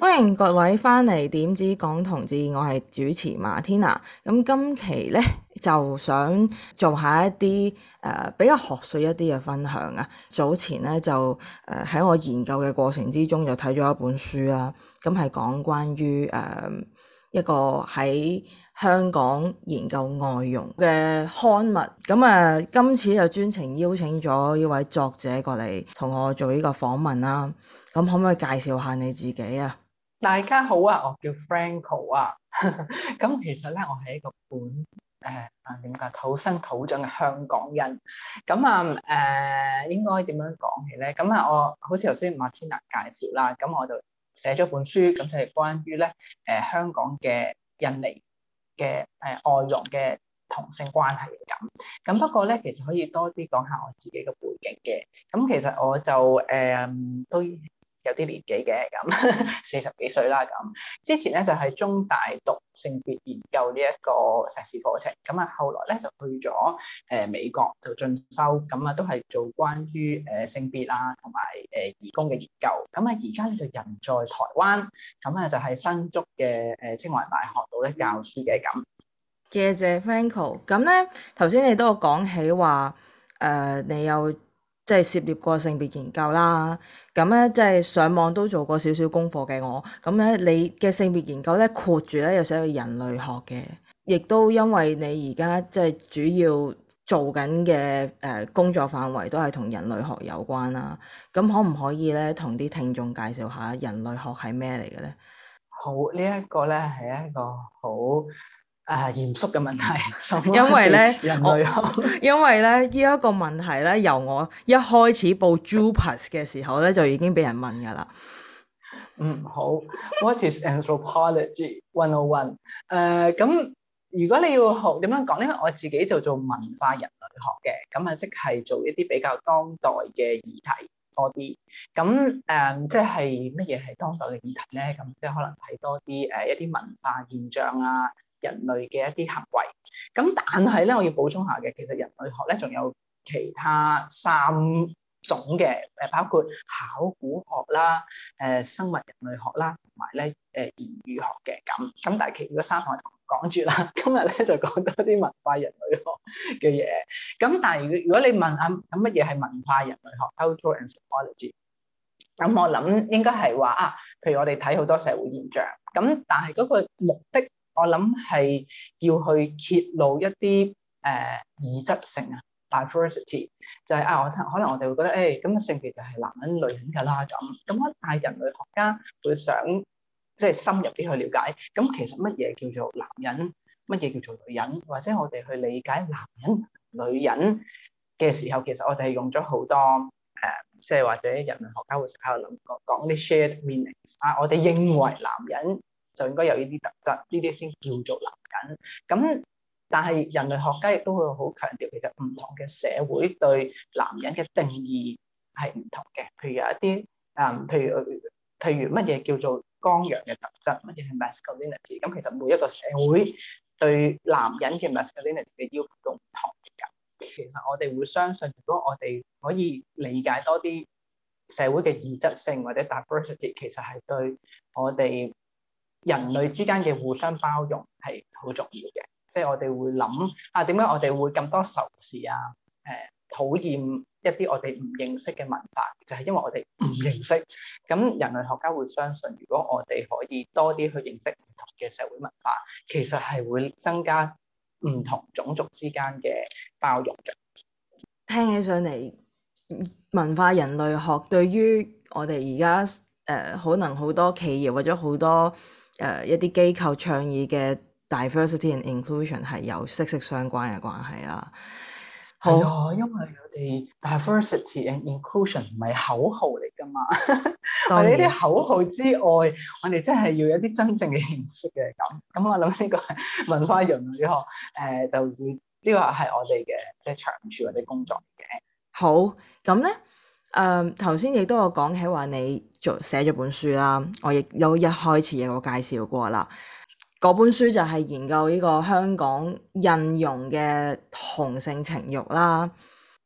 歡迎各位翻嚟《點知講同志》，我係主持馬天娜。咁今期呢就想做下一啲誒、呃、比較學術一啲嘅分享啊。早前呢，就誒喺、呃、我研究嘅過程之中，就睇咗一本書啦。咁、啊、係講關於誒。呃一個喺香港研究外傭嘅刊物，咁啊，今次就專程邀請咗呢位作者過嚟同我做呢個訪問啦。咁可唔可以介紹下你自己啊？大家好啊，我叫 Francisca 啊。咁其實咧，我係一個本誒啊，點、呃、講土生土長嘅香港人。咁啊，誒、呃，應該點樣講起咧？咁啊，我好似頭先馬天娜介紹啦，咁我就。寫咗本書，咁就係關於咧，誒、呃、香港嘅印尼嘅誒、呃、外傭嘅同性關係咁。咁不過咧，其實可以多啲講下我自己嘅背景嘅。咁其實我就誒、呃、都，有啲年紀嘅咁，四十幾歲啦咁。之前咧就係、是、中大讀性別研究呢一個碩士課程，咁啊後來咧就去咗誒、呃、美國做進修，咁啊都係做關於誒、呃、性別啦同埋誒移工嘅研究。咁啊而家咧就人在台灣，咁啊就喺、是、新竹嘅誒清華大學度咧教書嘅咁。謝謝 Franko。咁咧頭先你都有講起話誒、呃，你有。即係涉獵過性別研究啦，咁、嗯、咧即係上網都做過少少功課嘅我，咁、嗯、咧你嘅性別研究咧括住咧又寫咗人類學嘅，亦都因為你而家即係主要做緊嘅誒工作範圍都係同人類學有關啦。咁、嗯、可唔可以咧同啲聽眾介紹下人類學係咩嚟嘅咧？好，這個、呢一個咧係一個好。啊！Uh, 嚴肅嘅問題，因為咧人類學， 因為咧呢一個問題咧，由我一開始報 Jupas 嘅時候咧，就已經俾人問噶啦。嗯，好。 What is anthropology one o one？誒，咁如果你要學點樣講，因為我自己就做文化人類學嘅，咁啊，即係做一啲比較當代嘅議題多啲。咁誒，即係乜嘢係當代嘅議題咧？咁即係可能睇多啲誒一啲、呃、文化現象啊。人類嘅一啲行為，咁但係咧，我要補充下嘅，其實人類學咧仲有其他三種嘅，誒包括考古學啦、誒、呃、生物人類學啦，同埋咧誒言語學嘅。咁咁但係其他三行講住啦，今日咧就講多啲文化人類學嘅嘢。咁但係如果你問下，咁乜嘢係文化人類學 （culture and sociology）？咁我諗應該係話啊，譬如我哋睇好多社會現象，咁但係嗰個目的。我諗係要去揭露一啲誒異質性啊，diversity 就係啊，我可能我哋會覺得誒咁嘅性別就係男人女人㗎啦咁咁，但係人類學家會想即係深入啲去了解咁，其實乜嘢叫做男人，乜嘢叫做女人，或者我哋去理解男人女人嘅時候，其實我哋係用咗好多誒，即係或者人類學家會喺度諗講講啲 shared meanings 啊，我哋認為男人，就應該有呢啲特質，呢啲先叫做男人。咁但係人類學家亦都會好強調，其實唔同嘅社會對男人嘅定義係唔同嘅。譬如有一啲，誒、呃、譬如譬如乜嘢叫做剛陽嘅特質，乜嘢係 masculinity。咁其實每一個社會對男人嘅 masculinity 嘅要求唔同㗎。其實我哋會相信，如果我哋可以理解多啲社會嘅異質性或者 diversity，其實係對我哋。人類之間嘅互相包容係好重要嘅，即係我哋會諗啊點解我哋會咁多仇視啊？誒、呃，討厭一啲我哋唔認識嘅文化，就係、是、因為我哋唔認識。咁人類學家會相信，如果我哋可以多啲去認識唔同嘅社會文化，其實係會增加唔同種族之間嘅包容嘅。聽起上嚟，文化人類學對於我哋而家誒，可能好多企業或者好多。誒、uh, 一啲機構倡議嘅 diversity and inclusion 係有息息相關嘅關係啦、啊，係啊、哦，因為我哋 diversity and inclusion 唔係口號嚟㗎嘛，喺呢啲口號之外，我哋真係要有啲真正嘅認識嘅咁。咁我諗呢個文化人類學誒就會呢個係我哋嘅即係長處或者工作嘅、嗯。好咁咧。誒，頭先亦都有講起話你做寫咗本書啦，我亦有一開始有個介紹過啦。嗰本書就係研究呢個香港印傭嘅同性情慾啦。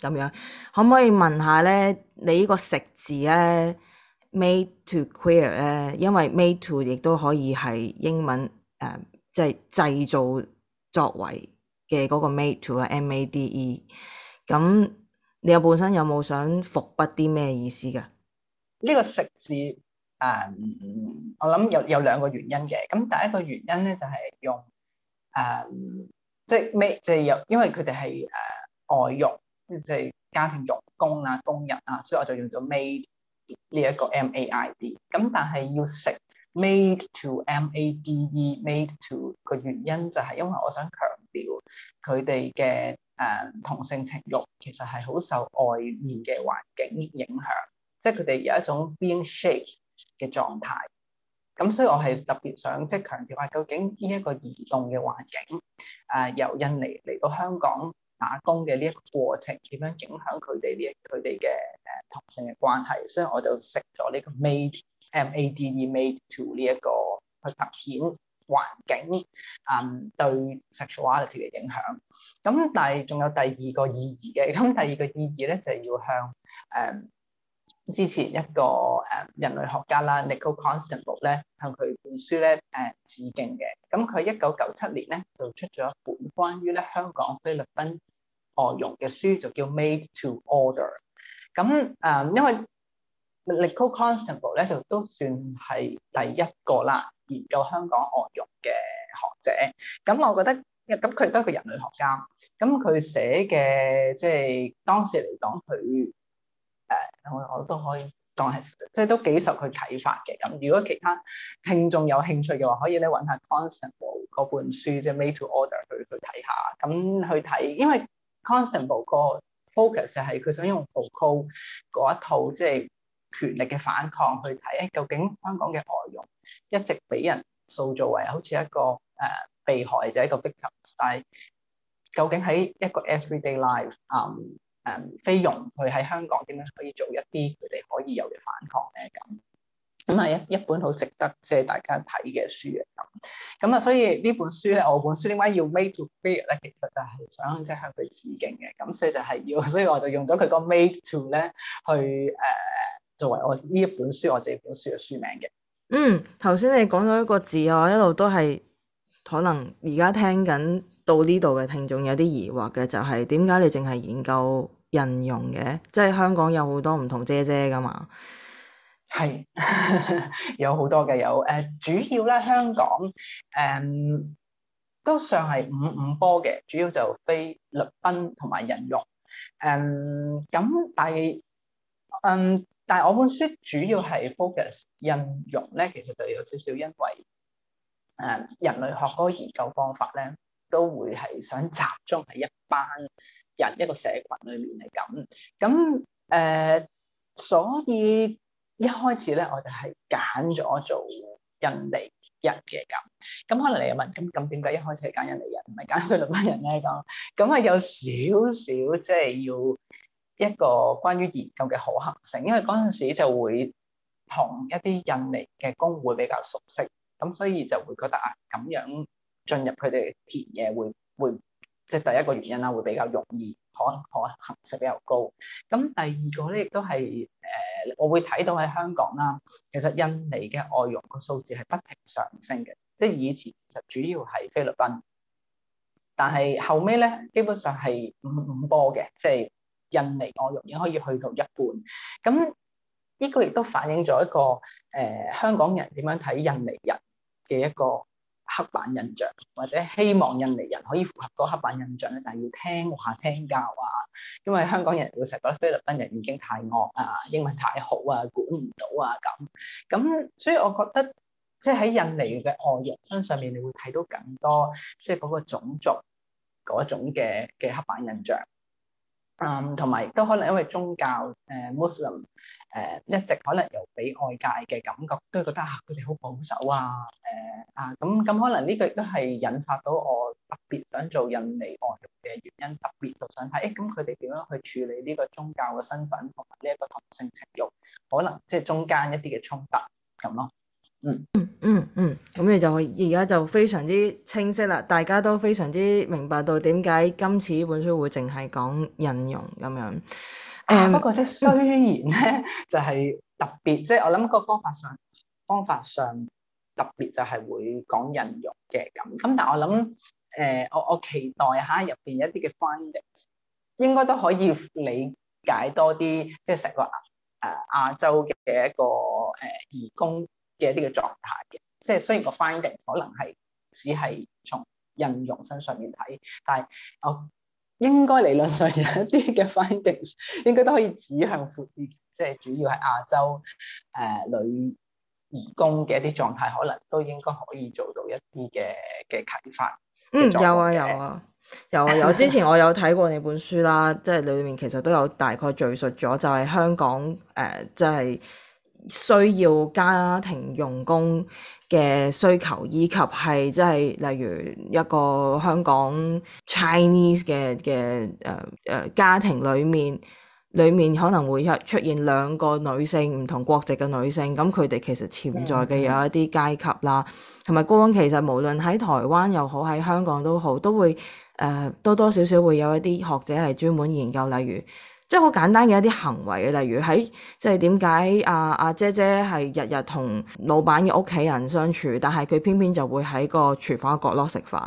咁樣，可唔可以問下咧？你呢個食字咧、啊、，made to queer 咧、啊，因為 made to 亦都可以係英文誒，即係製造作為嘅嗰個 made to 啊，M-A-D-E。咁、e、你有本身有冇想伏筆啲咩意思噶？呢個食字誒、嗯，我諗有有兩個原因嘅。咁第一個原因咧就係、是、用誒，即係 make 即係有，因為佢哋係誒外用。即係家庭用工啊，工人啊，所以我就用咗 maid 呢一個 M A I D。咁但係要食 made to M A D E，made to 個原因就係因為我想強調佢哋嘅誒同性情慾其實係好受外面嘅環境影響，即係佢哋有一種 being shaped 嘅狀態。咁所以我係特別想即係、就是、強調下，啊，究竟呢一個移動嘅環境誒、啊、由印尼嚟到香港。打工嘅呢一個過程點樣影響佢哋呢？佢哋嘅誒同性嘅關係，所以我就食咗呢個 Maid M A I D Maid to 呢、這、一個去突顯環境啊、嗯、對 sexuality 嘅影響。咁但係仲有第二個意義嘅，咁第二個意義咧就係、是、要向誒、嗯、之前一個誒人類學家啦，Nicole Constable 咧向佢本書咧誒、呃、致敬嘅。咁佢一九九七年咧就出咗一本關於咧香港菲律賓外傭嘅書就叫《Maid to Order》。咁誒、嗯，因為 Nicole Constable 咧，就都算係第一個啦，研究香港外傭嘅學者。咁我覺得，咁佢都係一個人類學家。咁佢寫嘅，即係當時嚟講，佢誒我我都可以當係，即係都幾受佢啟發嘅。咁如果其他聽眾有興趣嘅話，可以咧揾下 Constable 嗰本書，即係《Maid to Order》去去睇下。咁去睇，因為 Constable 個 focus 係佢想用 Foucault 嗰一套即係權力嘅反抗去睇，究竟香港嘅外傭一直俾人塑造為好似一個誒、uh，被害者一個 style。究竟喺一個 everyday life，誒、um，誒、um，菲傭佢喺香港點樣可以做一啲佢哋可以有嘅反抗咧？咁。咁啊一一本好值得即係大家睇嘅書嚟咁。咁啊所以呢本書咧，我本書點解要 Maid to Queer 咧？其實就係想即係向佢致敬嘅，咁所以就係要，所以我就用咗佢個 Maid to 咧去誒、呃、作為我呢一本書我自己本書嘅書名嘅。嗯，頭先你講咗一個字啊，我一路都係可能而家聽緊到呢度嘅聽眾有啲疑惑嘅，就係點解你淨係研究人用嘅？即係香港有好多唔同的姐姐噶嘛？係是 有好多嘅，有誒、呃，主要咧香港誒、嗯、都尚係五五波嘅，主要就菲律賓同埋印尼。誒、嗯、咁，但係誒、嗯，但係我本書主要係 focus 印尼咧，其實就有少少，因為誒、嗯、人類學嗰個研究方法咧，都會係想集中喺一班人一個社群裏面嚟，咁。咁、嗯、誒、呃，所以。一開始咧，我就係揀咗做印尼人嘅咁。咁可能你又問：咁咁點解一開始係揀印尼人，唔係揀菲律賓人咧？咁咁係有少少即係、就是、要一個關於研究嘅可行性。因為嗰陣時就會同一啲印尼嘅工會比較熟悉，咁所以就會覺得啊，咁樣進入佢哋田野會會即係第一個原因啦，會比較容易，可可行性比較高。咁第二個咧亦都係誒。我會睇到喺香港啦，其實印尼嘅外傭個數字係不停上升嘅，即係以前其實主要係菲律賓，但係後尾咧基本上係五五波嘅，即係印尼外傭已經可以去到一半，咁呢、這個亦都反映咗一個誒、呃、香港人點樣睇印尼人嘅一個。黑板印象，或者希望印尼人可以符合嗰黑板印象咧，就係要聽話聽教啊。因為香港人會成日覺得菲律賓人已經太惡啊，英文太好啊，管唔到啊咁。咁所以我覺得，即係喺印尼嘅外人身上面，你會睇到更多即係嗰個種族嗰種嘅嘅黑板印象。嗯，同埋亦都可能因為宗教，誒 Muslim 誒，一直可能又俾外界嘅感覺，都係覺得吓佢哋好保守啊，誒啊咁咁，可能呢個都係引發到我特別想做印尼內容嘅原因，特別就想睇，誒咁佢哋點樣去處理呢個宗教嘅身份同埋呢一個同性情欲，可能即係中間一啲嘅衝突咁咯。嗯嗯嗯嗯，咁你就而家就非常之清晰啦，大家都非常之明白到點解今次呢本書會淨係講印容咁樣。嗯、啊，不過即係雖然咧，就係、是、特別，即係我諗個方法上方法上特別就係會講印傭嘅咁，咁但係我諗誒、呃，我我期待下入邊一啲嘅 findings 應該都可以理解多啲，即係成個亞誒、啊、洲嘅一個誒移、呃、工嘅呢個狀態嘅，即係雖然個 finding 可能係只係從印傭身上面睇，但係我。應該理論上有一啲嘅 findings，應該都可以指向闊啲，即係主要係亞洲誒、呃、女義工嘅一啲狀態，可能都應該可以做到一啲嘅嘅啟發。嗯，有啊有啊有啊！我、啊啊啊、 之前我有睇過你本書啦，即係裏面其實都有大概敍述咗，就係、是、香港誒即係。呃就是需要家庭用工嘅需求，以及係即係例如一個香港 Chinese 嘅嘅誒誒家庭裏面，裏面可能會出現兩個女性唔同國籍嘅女性，咁佢哋其實潛在嘅有一啲階級啦，同埋高哥，其實無論喺台灣又好喺香港都好，都會誒、呃、多多少少會有一啲學者係專門研究，例如。即係好簡單嘅一啲行為嘅，例如喺即係點解阿阿姐姐係日日同老闆嘅屋企人相處，但係佢偏偏就會喺個廚房角落食飯，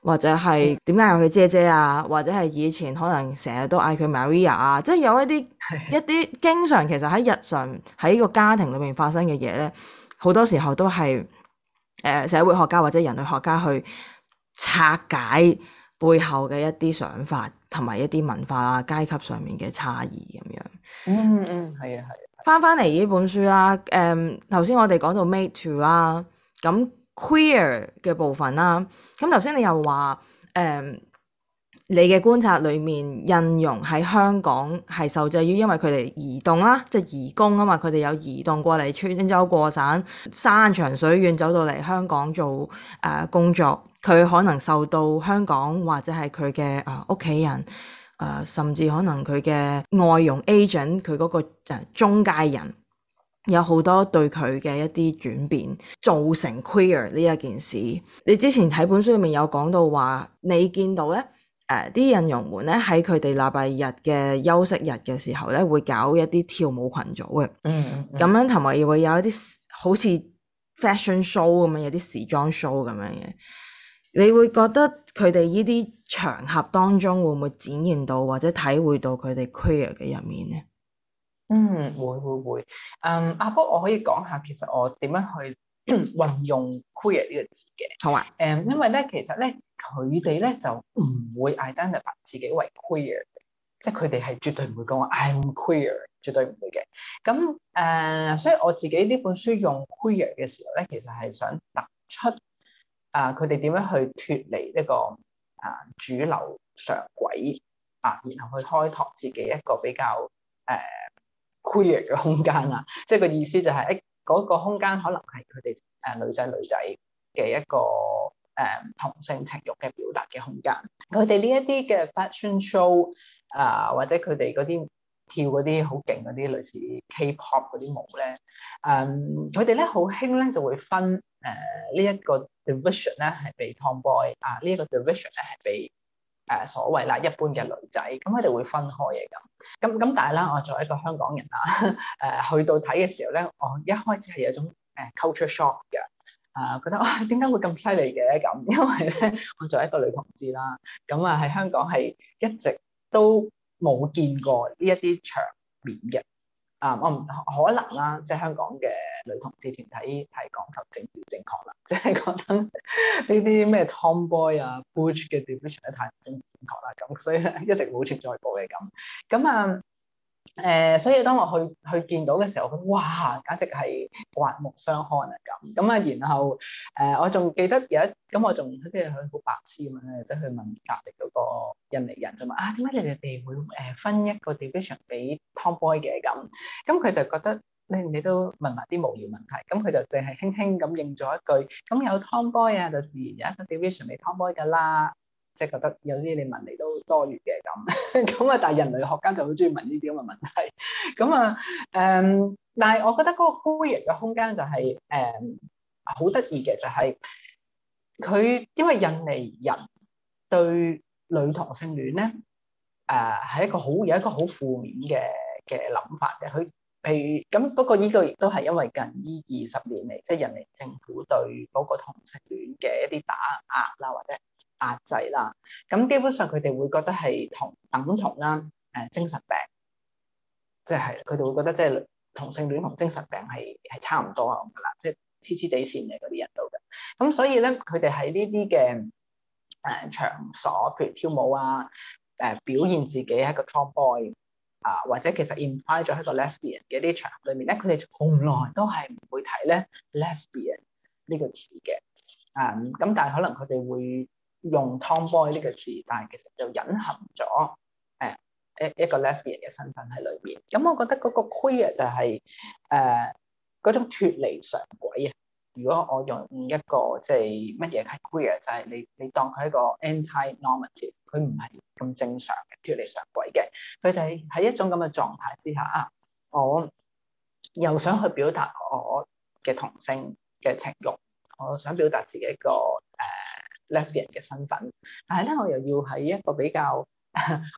或者係點解嗌佢姐姐啊，或者係以前可能成日都嗌佢 Maria 啊，即係有一啲一啲經常其實喺日常喺個家庭裏面發生嘅嘢咧，好多時候都係誒、呃、社會學家或者人類學家去拆解。背後嘅一啲想法，同埋一啲文化啊、階級上面嘅差異咁樣。嗯嗯，係啊係。翻翻嚟呢本書啦，誒頭先我哋講到 Maid to 啦，咁 queer 嘅部分啦，咁頭先你又話誒、嗯，你嘅觀察裏面，印傭喺香港係受制於因為佢哋移動啦，即、就、係、是、移工啊嘛，佢哋有移動過嚟穿州過省，山長水遠走到嚟香港做誒、呃、工作。佢可能受到香港或者係佢嘅啊屋企人啊、呃，甚至可能佢嘅外傭 agent，佢嗰、個、呃、中介人有好多對佢嘅一啲轉變造成 queer 呢一件事。你之前喺本書裡面有講到話，你見到咧誒啲印傭們咧喺佢哋禮拜日嘅休息日嘅時候咧，會搞一啲跳舞群組嘅，嗯、mm，咁樣、hmm. 同埋、mm hmm. 會有一啲好似 fashion show 咁樣，有啲時裝 show 咁樣嘅。你會覺得佢哋呢啲場合當中會唔會展現到或者體會到佢哋 queer 嘅入面咧？嗯，會會會。嗯、um, 啊，阿波我可以講下，其實我點樣去運用 queer 呢個字嘅？好啊。誒，因為咧，其實咧，佢哋咧就唔會 identify 自己為 queer 嘅，即係佢哋係絕對唔會講話 I'm queer，絕對唔會嘅。咁誒，uh, 所以我自己呢本書用 queer 嘅時候咧，其實係想突出。啊！佢哋點樣去脫離呢個啊主流常軌啊，然後去開拓自己一個比較誒 queer 嘅空間啊！即係個意思就係一嗰個空間可能係佢哋誒女仔女仔嘅一個誒、啊、同性情慾嘅表達嘅空間。佢哋呢一啲嘅 fashion show 啊，或者佢哋嗰啲跳嗰啲好勁嗰啲類似 K-pop 嗰啲舞咧，嗯，佢哋咧好興咧就會分誒呢、啊、一個 division 咧係被 tomboy 啊、uh,，呢一個 division 咧係被誒所謂啦一般嘅女仔，咁佢哋會分開嘅咁，咁咁但係咧我作為一個香港人啊誒、uh, 去到睇嘅時候咧，我一開始係有種誒 culture shock 嘅啊，覺得點解、啊、會咁犀利嘅咁？因為咧 我作為一個女同志啦，咁啊喺香港係一直都冇見過呢一啲場面嘅。啊，我唔、um, 可能啦，即係香港嘅女同志團體係講求政治正確啦，即係覺得呢啲咩 Tomboy 啊、butch 嘅點都算得太政治正確啦，咁所以咧一直冇存在過嘅咁，咁啊。Uh 誒、呃，所以當我去去見到嘅時候，佢哇，簡直係刮目相看啊！咁咁啊，然後誒、呃，我仲記得有一，咁我仲好似係佢好白痴咁樣，即、就係、去問隔離嗰個印尼人嚟人就嘛，啊，點解你哋會誒、呃、分一個 division 俾 Tomboy 嘅咁？咁佢就覺得你你都問埋啲無聊問題，咁佢就淨係輕輕咁應咗一句，咁有 Tomboy 啊，就自然有一個 division 俾 Tomboy 噶啦。即係覺得有啲你問嚟都多餘嘅咁，咁啊！但係人類學家就好鍾意問呢啲咁嘅問題，咁啊，誒、嗯，但係我覺得嗰個酷兒嘅空間就係誒好得意嘅，就係、是、佢因為印尼人對女同性戀咧，誒、呃、係一個好有一個好負面嘅嘅諗法嘅。佢譬如咁，不過呢個亦都係因為近呢二十年嚟，即係印尼政府對嗰個同性戀嘅一啲打壓啦，或者。壓制啦，咁、啊、基本上佢哋會覺得係同等同啦，誒、呃、精神病，即係佢哋會覺得即、就、係、是、同性戀同精神病係係差唔多噶啦，即係黐黐地線嘅嗰啲人度嘅。咁、嗯、所以咧，佢哋喺呢啲嘅誒場所，譬如跳舞啊，誒、呃、表現自己係一個 tomboy 啊、呃，或者其實 implied 咗喺個 lesbian 嘅啲場合裏面咧，佢哋從來都係唔會睇咧 lesbian 呢 les 個字嘅啊。咁、嗯、但係可能佢哋會。用 Tomboy 呢個字，但係其實就隱含咗誒一一個 lesbian 嘅身份喺裏邊。咁我覺得嗰個 queer 就係誒嗰種脫離常軌啊，如果我用一個即係乜嘢係 queer，就係你你當佢一個 anti-normative，佢唔係咁正常嘅脫離常軌嘅。佢就係喺一種咁嘅狀態之下啊，我又想去表達我嘅同性嘅情慾，我想表達自己一個。Lesbian 嘅身份，但係咧我又要喺一個比較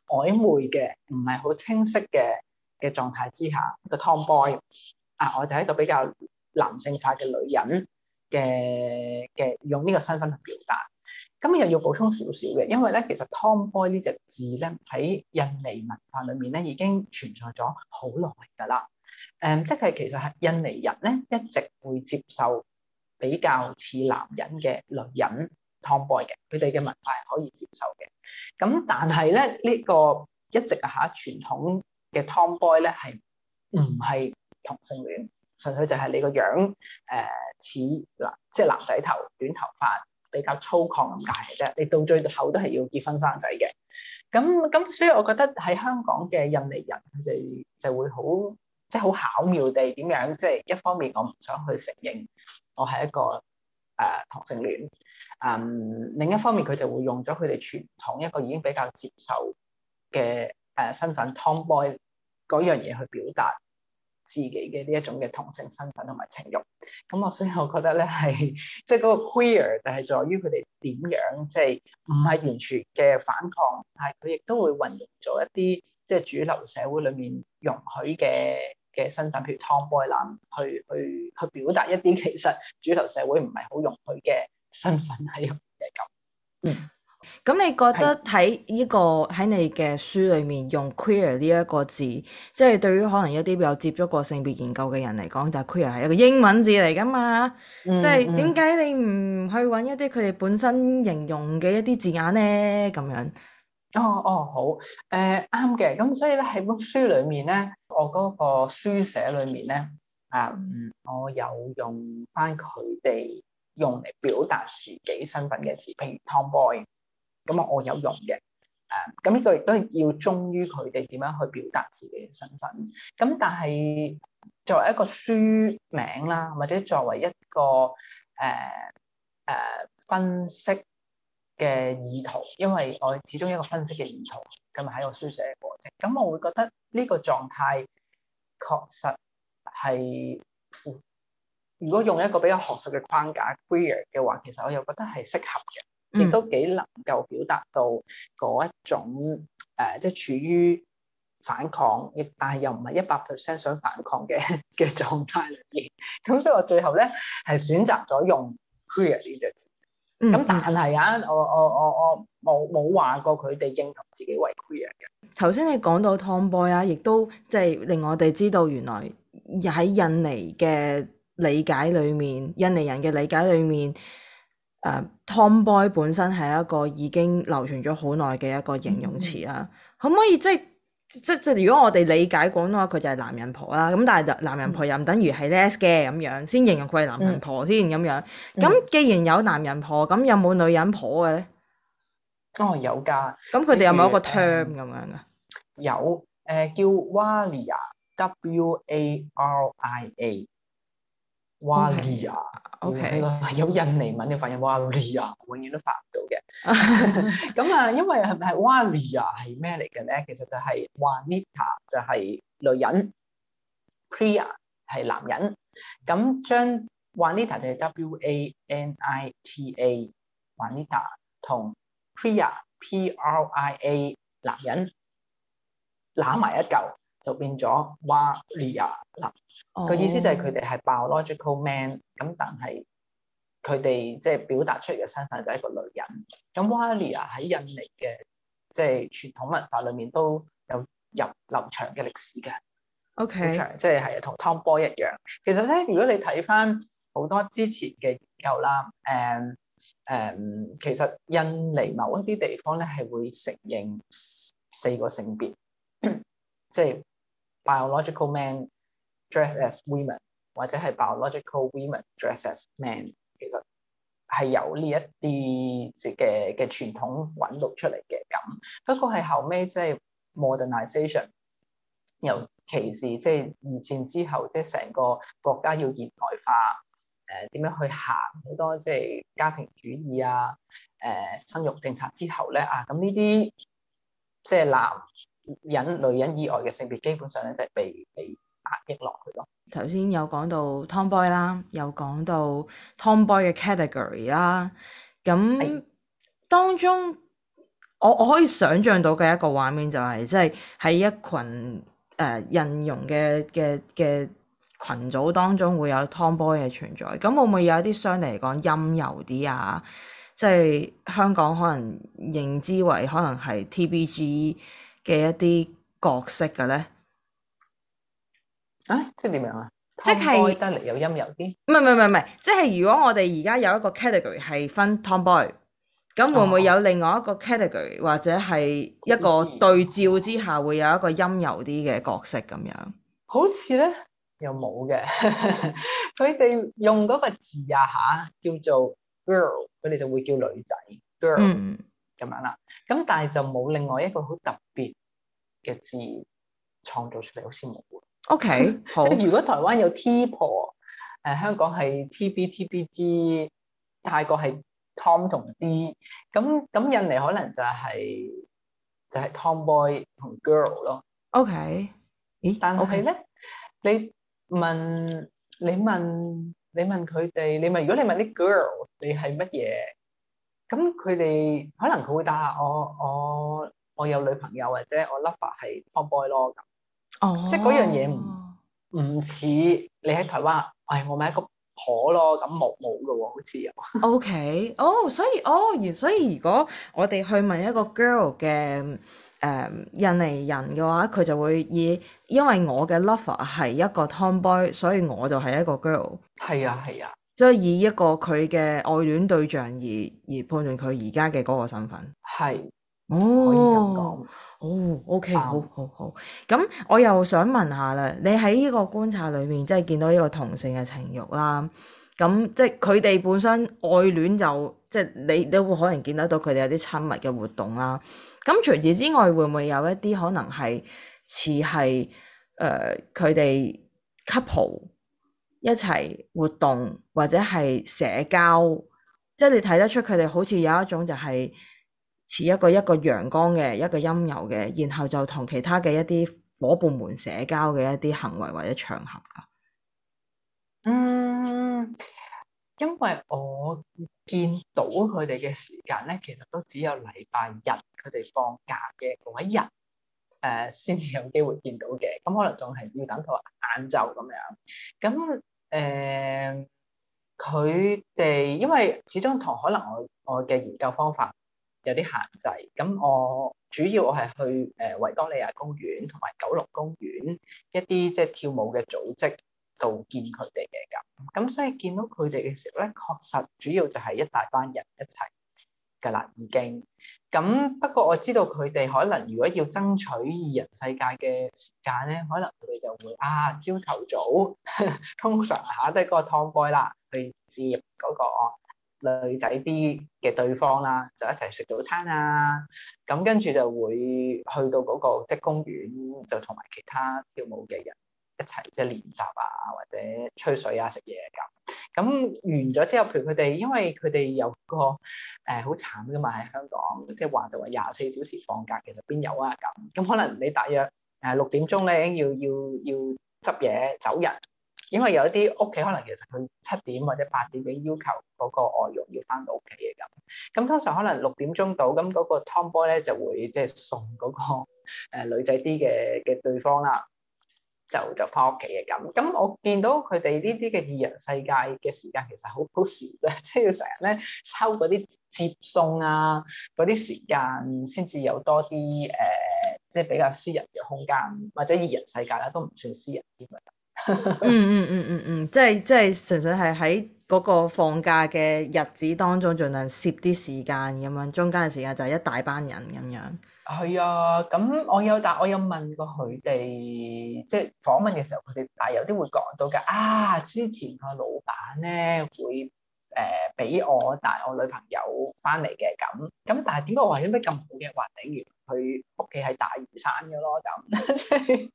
曖昧嘅唔係好清晰嘅，嘅狀態之下，一個 Tomboy 啊，我就係一個比較男性化嘅女人嘅，嘅用呢個身份去表達。咁、嗯、又要補充少少嘅，因為咧其實 Tomboy 呢隻字咧喺印尼文化裏面咧已經存在咗好耐㗎啦。誒、嗯，即係其實係印尼人咧一直會接受比較似男人嘅女人。Tomboy 嘅，佢哋嘅文化係可以接受嘅。咁但係咧，呢、呢個一直啊嚇傳統嘅 Tomboy 咧係唔係同性戀，嗯、純粹就係你個樣誒似嗱，即係男仔頭、短頭髮比較粗獷咁大嘅啫。你到最後都係要結婚生仔嘅。咁咁，所以我覺得喺香港嘅印尼人佢哋就，就會好即係好巧妙地點樣，即係一方面我唔想去承認我係一個。誒、uh, 同性戀，嗯、um, 另一方面佢就會用咗佢哋傳統一個已經比較接受嘅誒、uh, 身份 Tomboy 嗰樣嘢去表達自己嘅呢一種嘅同性身份同埋情慾，咁我所以我覺得咧係即係嗰個 queer 就係在於佢哋點樣，即係唔係完全嘅反抗，但係佢亦都會運用咗一啲即係主流社會裡面容許嘅。嘅身份，譬如 Tomboy 男，去去去表達一啲其實主流社會唔係好容許嘅身份喺入嘅咁。嗯，咁你覺得喺呢個喺你嘅書裏面用 queer 呢一個字，即係對於可能一啲有接觸過性別研究嘅人嚟講，就係 queer 係一個英文字嚟噶嘛？即係點解你唔去揾一啲佢哋本身形容嘅一啲字眼呢？咁樣。哦哦，好，誒啱嘅，咁所以咧喺本書裏面咧。我嗰個書寫裏面咧，啊、嗯，我有用翻佢哋用嚟表達自己身份嘅字，譬如 Tomboy，咁、嗯、啊，我有用嘅，誒、嗯，咁呢句亦都係要忠於佢哋點樣去表達自己嘅身份。咁、嗯、但係作為一個書名啦，或者作為一個誒誒、呃呃、分析嘅意圖，因為我始終一個分析嘅意圖，咁啊喺我書寫嘅過程，咁我會覺得呢個狀態確實係，如果用一個比較學術嘅框架 queer 嘅話，其實我又覺得係適合嘅，亦都幾能夠表達到嗰一種誒、嗯呃，即係處於反抗，亦但係又唔係一百 percent 想反抗嘅嘅狀態裏面，咁所以我最後咧係選擇咗用 queer 呢隻字。咁、嗯、但係啊，我我我我冇冇話過佢哋認同自己為 queer 啊！頭先你講到 Tomboy 啊，亦都即係令我哋知道，原來喺印尼嘅理解裏面，印尼人嘅理解裏面，誒、uh, Tomboy 本身係一個已經流傳咗好耐嘅一個形容詞啦、啊，嗯、可唔可以即係？即即係如果我哋理解廣東話，佢就係男人婆啦。咁但係男人婆又唔等於係 les 嘅咁樣，先形容佢係男人婆先咁、嗯、樣。咁既然有男人婆，咁有冇女人婆嘅咧？哦，有噶。咁佢哋有冇一個 term 咁如樣噶？有，誒、呃、叫 Waria，W-A-R-I-A。A R I A Waria，呢個係有印尼文嘅發音，Waria 永遠都發唔到嘅。咁啊，因為係唔係 Waria 係咩嚟嘅咧？其實就係 Wanita，就係女人，Pria 係男人。咁將 Wanita 就係 W-A-N-I-T-A，Wanita 同 Pria，P-R-I-A 男人攬埋一嚿。就變咗 Waria 啦，個、oh. 意思就係佢哋係 biological man，咁但係佢哋即係表達出嚟嘅身份就係一個女人。咁 Waria 喺印尼嘅即係傳統文化裏面都有入流長嘅歷史嘅。O K，好長，即、就、係、是、係同 Tomboy 一樣。其實咧，如果你睇翻好多之前嘅研究啦，誒誒，其實印尼某一啲地方咧係會承認四個性別，即係。 就是 Biological man dress as women，或者係 biological women dress as men，其實係由呢一啲嘅嘅傳統揾到出嚟嘅，咁。不過係後尾，即係 modernization，尤其是即係二戰之後，即係成個國家要現代化，誒點樣去行好多即係家庭主義啊、誒、呃、生育政策之後咧啊，咁呢啲即係男。人、引女人以外嘅性別，基本上咧，就係、是、被被壓抑落去咯。頭先有講到 Tomboy 啦，有講到 Tomboy 嘅 category 啦。咁是當中，我我可以想象到嘅一個畫面就係、是，即係喺一群誒認同嘅嘅嘅群組當中，會有 Tomboy 嘅存在。咁會唔會有一啲相對嚟講陰柔啲啊？即、就、係、是、香港可能認知為可能係 TBG。嘅一啲角色嘅咧，啊，即係點樣啊？即係開得嚟有陰柔啲，唔係唔係唔係，即係如果我哋而家有一個 category 係分 Tomboy，咁會唔會有另外一個 category 或者係一個對照之下會有一個陰柔啲嘅角色咁樣，好似咧又冇嘅，佢哋用嗰個字啊吓叫做 girl，佢哋就會叫女仔 girl mm。咁樣啦。咁但係就冇另外一個好特別。嘅字創造出嚟好似冇喎。O K，即係，如果台灣有 T 婆，誒，香港係 T B T B G，泰國係 Tom 同 D，咁咁印尼可能就係就係 Tomboy 同 Girl 咯。O K，咦？但 O K 咧？你問你問你問佢哋，你問如果你問啲 Girl，你係乜嘢？咁佢哋可能佢會答下我我。我有女朋友或者我 lover 係 tom boy 咯，哦、oh.，即係嗰樣嘢唔唔似你喺台灣，唉、哎，我咪一個婆咯，咁冇冇嘅喎，好似又。O K，哦，所以哦，然、oh, 所以如果我哋去問一個 girl 嘅誒、嗯、印尼人嘅話，佢就會以因為我嘅 lover 係一個 tom boy，所以我就係一個 girl。係啊，係啊，即以以一個佢嘅愛戀對象而而判斷佢而家嘅嗰個身份係。哦，哦，OK，好好爆好。咁我又想問下啦，你喺呢個觀察裏面，即係見到呢個同性嘅情欲啦，咁即係佢哋本身愛戀就，即係你都會可能見得到佢哋有啲親密嘅活動啦。咁除此之外，會唔會有一啲可能係似係誒佢哋 couple 一齊活動或者係社交，即係你睇得出佢哋好似有一種就係、是。似一個一個陽光嘅，一個陰柔嘅，然後就同其他嘅一啲伙伴們社交嘅一啲行為或者場合。嗯，因為我見到佢哋嘅時間咧，其實都只有禮拜日佢哋放假嘅嗰一日，誒、呃，先至有機會見到嘅。咁、嗯、可能仲係要等佢晏晝咁樣。咁、嗯、誒，佢、嗯、哋因為始終同可能我我嘅研究方法。有啲限制，咁我主要我係去誒維多利亞公園同埋九龍公園一啲即係跳舞嘅組織度見佢哋嘅咁，咁所以見到佢哋嘅時候咧，確實主要就係一大班人一齊嘅啦已經。咁不過我知道佢哋可能如果要爭取二人世界嘅時間咧，可能佢哋就會啊，朝頭早， 通常下低係個 Tomboy 啦去接嗰、嗰個女仔啲嘅對方啦，就一齊食早餐啊，咁跟住就會去到嗰個即公園，就同埋其他跳舞嘅人一齊即練習啊，或者吹水啊、食嘢咁。咁完咗之後，譬如佢哋，因為佢哋有個誒好慘噶嘛，喺香港即話就話廿四小時放假，其實邊有啊咁？咁可能你大約誒六點鐘咧，要要要執嘢走人。因為有一啲屋企可能其實佢七點或者八點嘅要求外要，嗰個內容要翻到屋企嘅咁。咁通常可能六點鐘到，咁嗰個湯 boy 咧就會即係送嗰個女仔啲嘅嘅對方啦，就就翻屋企嘅咁。咁我見到佢哋呢啲嘅二人世界嘅時間其實好好少嘅，即係要成日咧抽嗰啲接送啊嗰啲時間，先至有多啲誒、呃，即係比較私人嘅空間或者二人世界啦，都唔算私人添。 嗯嗯嗯嗯嗯，嗯，即係即係，純粹係喺嗰個放假嘅日子當中，盡量攝啲時間咁樣，中間嘅時間就係一大班人咁樣。係 啊，咁我有答，但我有問過佢哋，即係訪問嘅時候，佢哋大有啲會講到噶。啊，之前個老闆咧會誒俾、呃、我，帶我，我女朋友翻嚟嘅，咁咁，但係點解我話有咩咁好嘅環境？如佢屋企係大嶼山嘅咯，咁即係。就是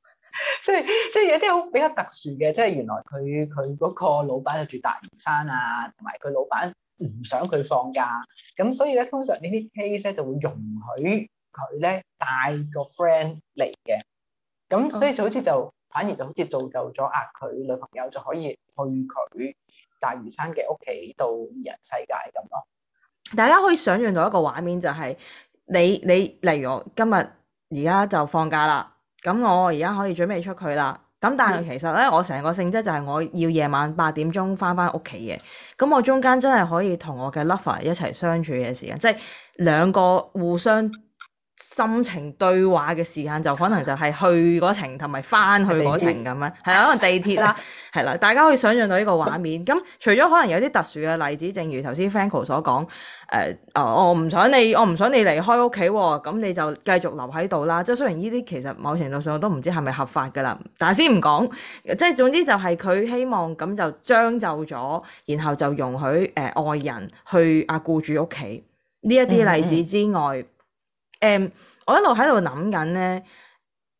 即係即係有啲好比較特殊嘅，即係原來佢佢嗰個老闆就住大嶼山啊，同埋佢老闆唔想佢放假，咁所以咧通常呢啲 case 咧就會容許佢咧帶個 friend 嚟嘅，咁所以就好似就、嗯、反而就好似造就咗啊，佢女朋友就可以去佢大嶼山嘅屋企度二人世界咁咯。大家可以想象到一個畫面就係、是、你你例如我今日而家就放假啦。咁我而家可以準備出去啦。咁但係其實咧，我成個性質就係我要夜晚八點鐘返返屋企嘅。咁我中間真係可以同我嘅 lover 一齊相處嘅時間，即係兩個互相。心情對話嘅時間就可能就係去嗰程同埋翻去嗰程咁樣，係啦， 可能地鐵啦，係啦， 大家可以想象到呢個畫面。咁除咗可能有啲特殊嘅例子，正如頭先 Franko 所講，誒、呃，啊、呃，我唔想你，我唔想你離開屋企，咁你就繼續留喺度啦。即係雖然呢啲其實某程度上我都唔知係咪合法噶啦，但係先唔講。即係總之就係佢希望咁就將就咗，然後就容許誒、呃、愛人去啊僱主屋企呢一啲例子之外。 誒，um, 我一路喺度諗緊咧，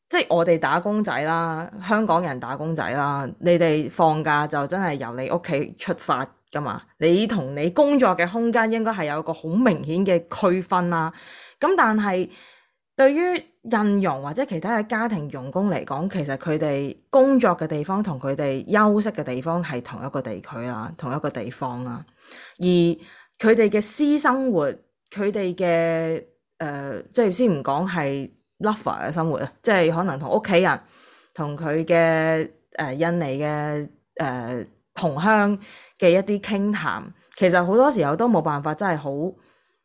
即係我哋打工仔啦，香港人打工仔啦，你哋放假就真係由你屋企出發噶嘛？你同你工作嘅空間應該係有個好明顯嘅區分啦。咁但係對於印傭或者其他嘅家庭傭工嚟講，其實佢哋工作嘅地方同佢哋休息嘅地方係同一個地區啦，同一個地方啦。而佢哋嘅私生活，佢哋嘅誒、呃，即係先唔講係 lover 嘅生活啊，即係可能同屋企人、同佢嘅誒印尼嘅誒、呃、同鄉嘅一啲傾談，談，其實好多時候都冇辦法真，真係好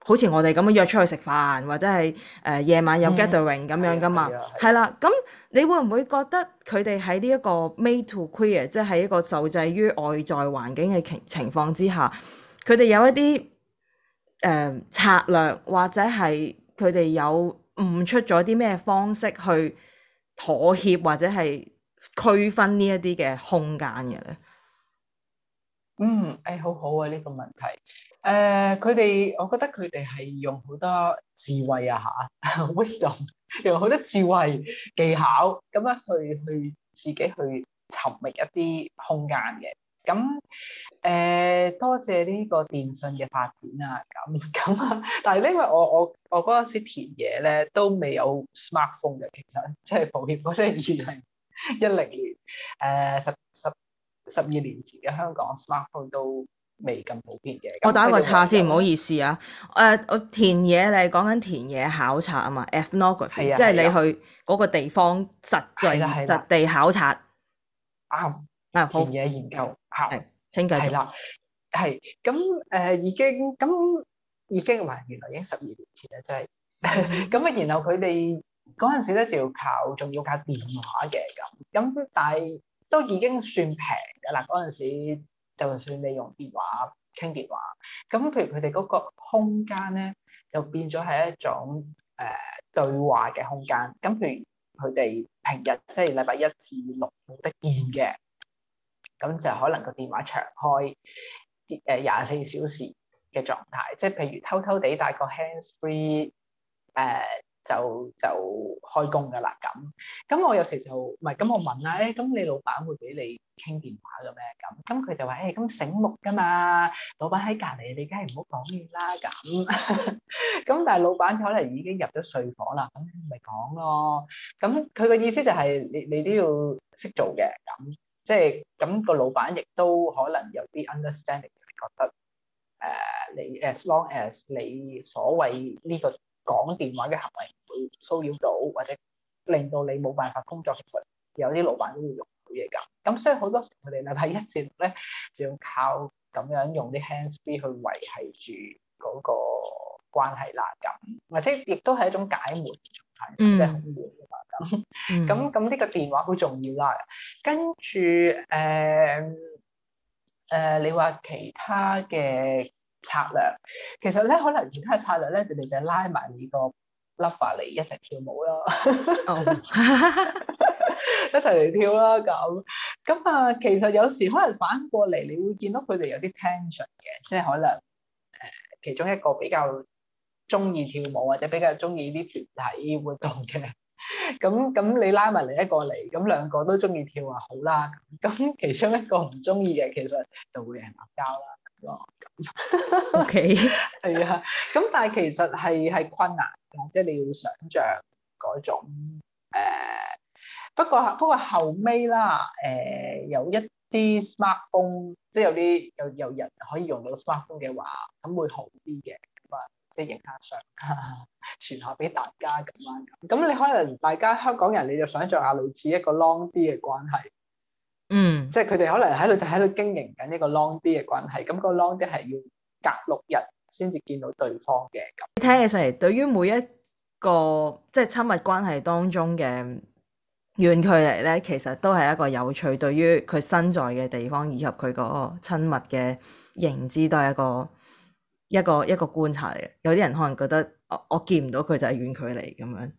好似我哋咁樣約出去食飯，或者係誒夜晚有 gathering 咁、嗯、樣噶嘛，係啦。咁你會唔會覺得佢哋喺呢一個 Maid to Queer，即係喺一個受制於外在環境嘅情情況之下，佢哋有一啲誒、呃、策略或者係？佢哋有悟出咗啲咩方式去妥協或者係區分呢一啲嘅空間嘅咧？嗯，誒，好好啊！呢個問題。誒，佢哋，我覺得佢哋係用好多智慧啊吓，wisdom，用好多智慧技巧咁樣去去自己去尋覓一啲空間嘅。咁誒、呃、多謝呢個電訊嘅發展啊，咁咁啊！但係因為我我我嗰陣時田野咧都未有 smartphone 嘅，其實即係普遍，即係二零一零年誒、呃、十十十二年前嘅香港 smartphone 都未咁普遍嘅。我打個岔先，唔好意思啊。誒、呃，我田野，你係講緊田野考察嘛啊嘛，ethnography，即係你去嗰個地方實際實地考察啱？啊，件嘢研究吓傾偈，係啦，係咁誒，已經咁已經話原來已經十二年前啦，真係咁啊。然後佢哋嗰陣時咧，就要靠仲要靠電話嘅咁咁，但係都已經算平㗎啦。嗰陣時就算你用電話傾電話，咁譬如佢哋嗰個空間咧，就變咗係一種誒對話嘅空間。咁譬如佢哋平日即係禮拜一至六冇得見嘅。咁就可能個電話長開，啲廿四小時嘅狀態，即係譬如偷偷地戴個 handsfree，誒、呃、就就開工嘅啦咁。咁我有時就唔係咁，我問下、啊，誒、欸、咁你老闆會俾你傾電話嘅咩？咁咁佢就話，誒、欸、咁醒目噶嘛，老闆喺隔離，你梗係唔好講嘢啦咁。咁 但係老闆可能已經入咗睡房啦，咁咪講咯。咁佢嘅意思就係、是、你你都要識做嘅咁。即係咁、嗰個老闆亦都可能有啲 understanding，就係覺得誒、呃、你 as long as 你所謂呢個講電話嘅行為唔會騷擾到或者令到你冇辦法工作，其實有啲老闆都會用到嘢㗎。咁所以好多時佢哋禮拜一節咧，就要靠咁樣用啲 handsfree 去維係住嗰個關係啦。咁或者亦都係一種解悶。嗯、即真係好悶嘅話，咁咁咁呢個電話好重要啦。跟住誒誒，你話其他嘅策略，其實咧可能其他嘅策略咧，就哋就拉埋你個 lover 嚟一齊跳舞咯， oh. 一齊嚟跳啦咁。咁啊，其實有時可能反過嚟，你會見到佢哋有啲 tension 嘅，即係可能誒、呃、其中一個比較中意跳舞或者比較中意啲團體活動嘅，咁 咁你拉埋另一個嚟，咁兩個都中意跳啊，好啦，咁其中一個唔中意嘅，其實就會係鬧交啦。O K，係啊，咁 Okay. 但係其實係係困難㗎，即、就、係、是、你要想像嗰種、呃、不過不過後尾啦，誒、呃、有一啲 smartphone，即係有啲有有人可以用到 smartphone 嘅話，咁會好啲嘅。即影下相，傳下俾大家咁樣咁。咁你可能大家香港人，你就想像下類似一個 long 啲嘅關係。嗯，即係佢哋可能喺度就喺度經營緊一個 long 啲嘅關係。咁、那個 long 啲係要隔六日先至見到對方嘅。你聽起上嚟，對於每一個即係、就是、親密關係當中嘅遠距離咧，其實都係一個有趣。對於佢身在嘅地方以及佢嗰個親密嘅認知，都係一個。一個一個觀察嚟嘅，有啲人可能覺得我我見唔到佢就係遠距離咁樣，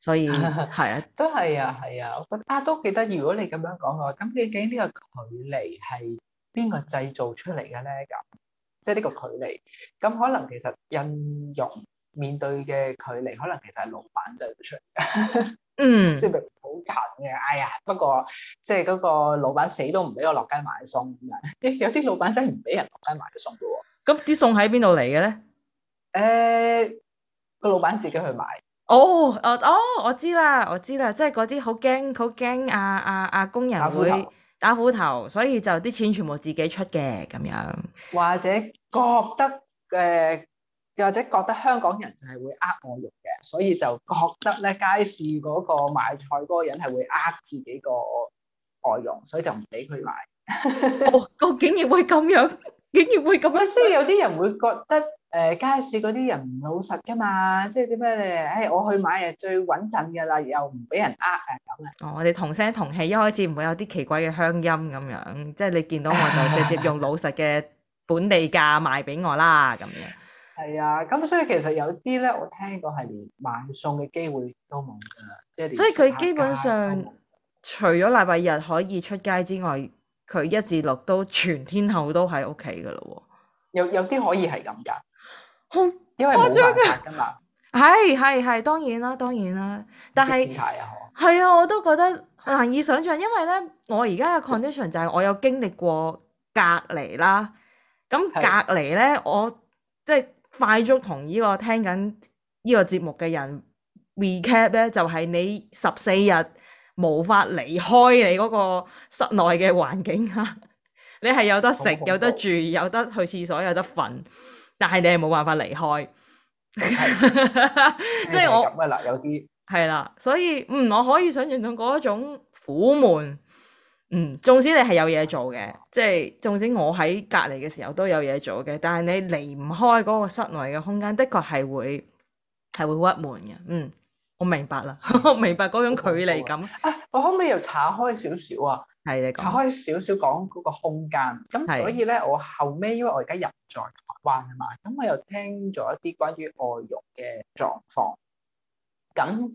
所以係啊， 都係啊，係啊，我覺得啊都幾得意，如果你咁樣講嘅話，咁究竟呢個距離係邊個製造出嚟嘅咧？咁即係呢個距離，咁可能其實陰陽面對嘅距離，可能其實係老闆製造出嚟嘅， 嗯，即係咪好近嘅？哎呀，不過即係嗰個老闆死都唔俾我落街買餸咁樣， 有啲老闆真係唔俾人落街買餸。咁啲餸喺邊度嚟嘅咧？誒、個、uh, 老闆自己去買。哦，哦，我知啦，我知啦，即係嗰啲好驚，好驚、啊，阿阿阿工人會打斧頭，所以就啲錢全部自己出嘅咁樣。或者覺得誒、呃，或者覺得香港人就係會呃外傭嘅，所以就覺得咧，街市嗰個賣菜嗰個人係會呃自己個外傭，所以就唔俾佢買。哦，我竟然會咁樣。竟然會咁樣，所以有啲人會覺得，誒、呃，街市嗰啲人唔老實噶嘛，即係點解你？誒、哎，我去買係最穩陣噶啦，又唔俾人呃，係咁啊。哦，我哋同聲同氣，一開始唔會有啲奇怪嘅鄉音咁樣，即係你見到我就直接用老實嘅本地價賣俾我啦，咁 樣。係啊，咁所以其實有啲咧，我聽過係連買餸嘅機會都冇噶，即所以佢基本上，除咗禮拜日可以出街之外。佢一至六都全天候都喺屋企噶啦，有有啲可以係咁噶，好因為誇張噶嘛？係係係，當然啦，當然啦，但係係啊，我都覺得難以想象，因為咧，我而家嘅 condition 就係我有經歷過隔離啦，咁隔離咧，的我即係快速同呢個聽緊呢個節目嘅人 recap 咧，就係你十四日。無法離開你嗰個室內嘅環境啊！你係有得食、有得住、有得去廁所、有得瞓，但係你係冇辦法離開。即 係、嗯、 我有啲係啦，所以嗯，我可以想象到嗰一種苦悶。嗯，縱使你係有嘢做嘅，即係縱使我喺隔離嘅時候都有嘢做嘅，但係你離唔開嗰個室內嘅空間，的確係會係會鬱悶嘅。嗯。我明白啦，我明白嗰種距離感。啊，我可唔可以又拆開少少啊？係啊，你講。拆開少少講嗰個空間。咁所以咧，的我後尾因為我而家入在台灣啊嘛，咁我又聽咗一啲關於外傭嘅狀況。咁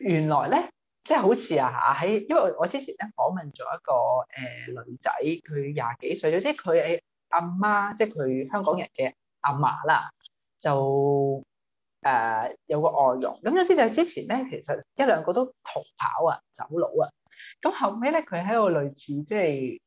原來咧，即係好似啊，喺因為我之前咧訪問咗一個誒、呃、女仔，佢廿幾歲，即係佢阿媽，即係佢香港人嘅阿嫲啦，就。誒、呃、有個外傭，咁有啲就係之前咧，其實一兩個都逃跑啊、走佬啊，咁後尾咧佢喺個類似即係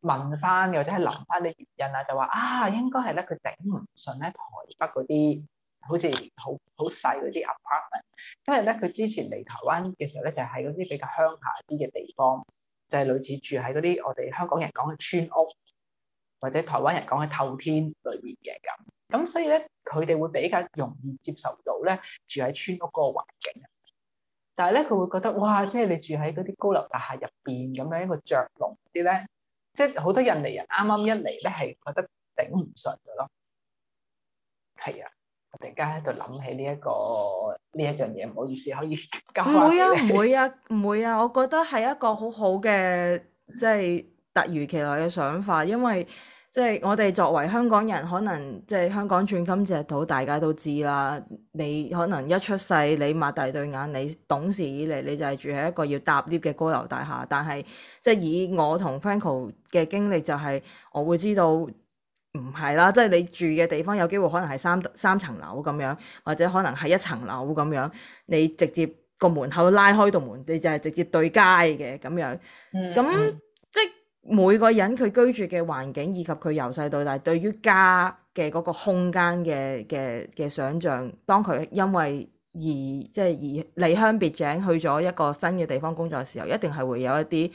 問翻，或者係諗翻啲原因啊，就話啊應該係咧佢頂唔順咧台北嗰啲好似好好細嗰啲 apartment，因為咧佢之前嚟台灣嘅時候咧就係嗰啲比較鄉下啲嘅地方，就係、是、類似住喺嗰啲我哋香港人講嘅村屋，或者台灣人講嘅透天裏面嘅咁，咁所以咧。佢哋會比較容易接受到咧，住喺村屋嗰個環境。但係咧，佢會覺得哇，即係你住喺嗰啲高樓大廈入邊咁樣，一個著籠啲咧，即係好多印尼人啱啱一嚟咧，係覺得頂唔順㗎咯。係啊，突然間喺度諗起呢一個呢一樣嘢，唔好意思，可以講。唔會啊，唔會啊，唔會啊！我覺得係一個好好嘅，即係突如其來嘅想法，因為。即係我哋作為香港人，可能即係香港寸金尺土，大家都知啦。你可能一出世，你擘大對眼，你懂事以嚟，你就係住喺一個要搭 lift 嘅高樓大廈。但係即係以我同 Franko 嘅經歷，就係，就係我會知道唔係啦。即係你住嘅地方有機會可能係三三層樓咁樣，或者可能係一層樓咁樣，你直接個門口拉開道門，你就係直接對街嘅咁樣。咁即每個人佢居住嘅環境，以及佢由細到大對於家嘅嗰個空間嘅嘅嘅想像，當佢因為而即係而離鄉別井去咗一個新嘅地方工作嘅時候，一定係會有一啲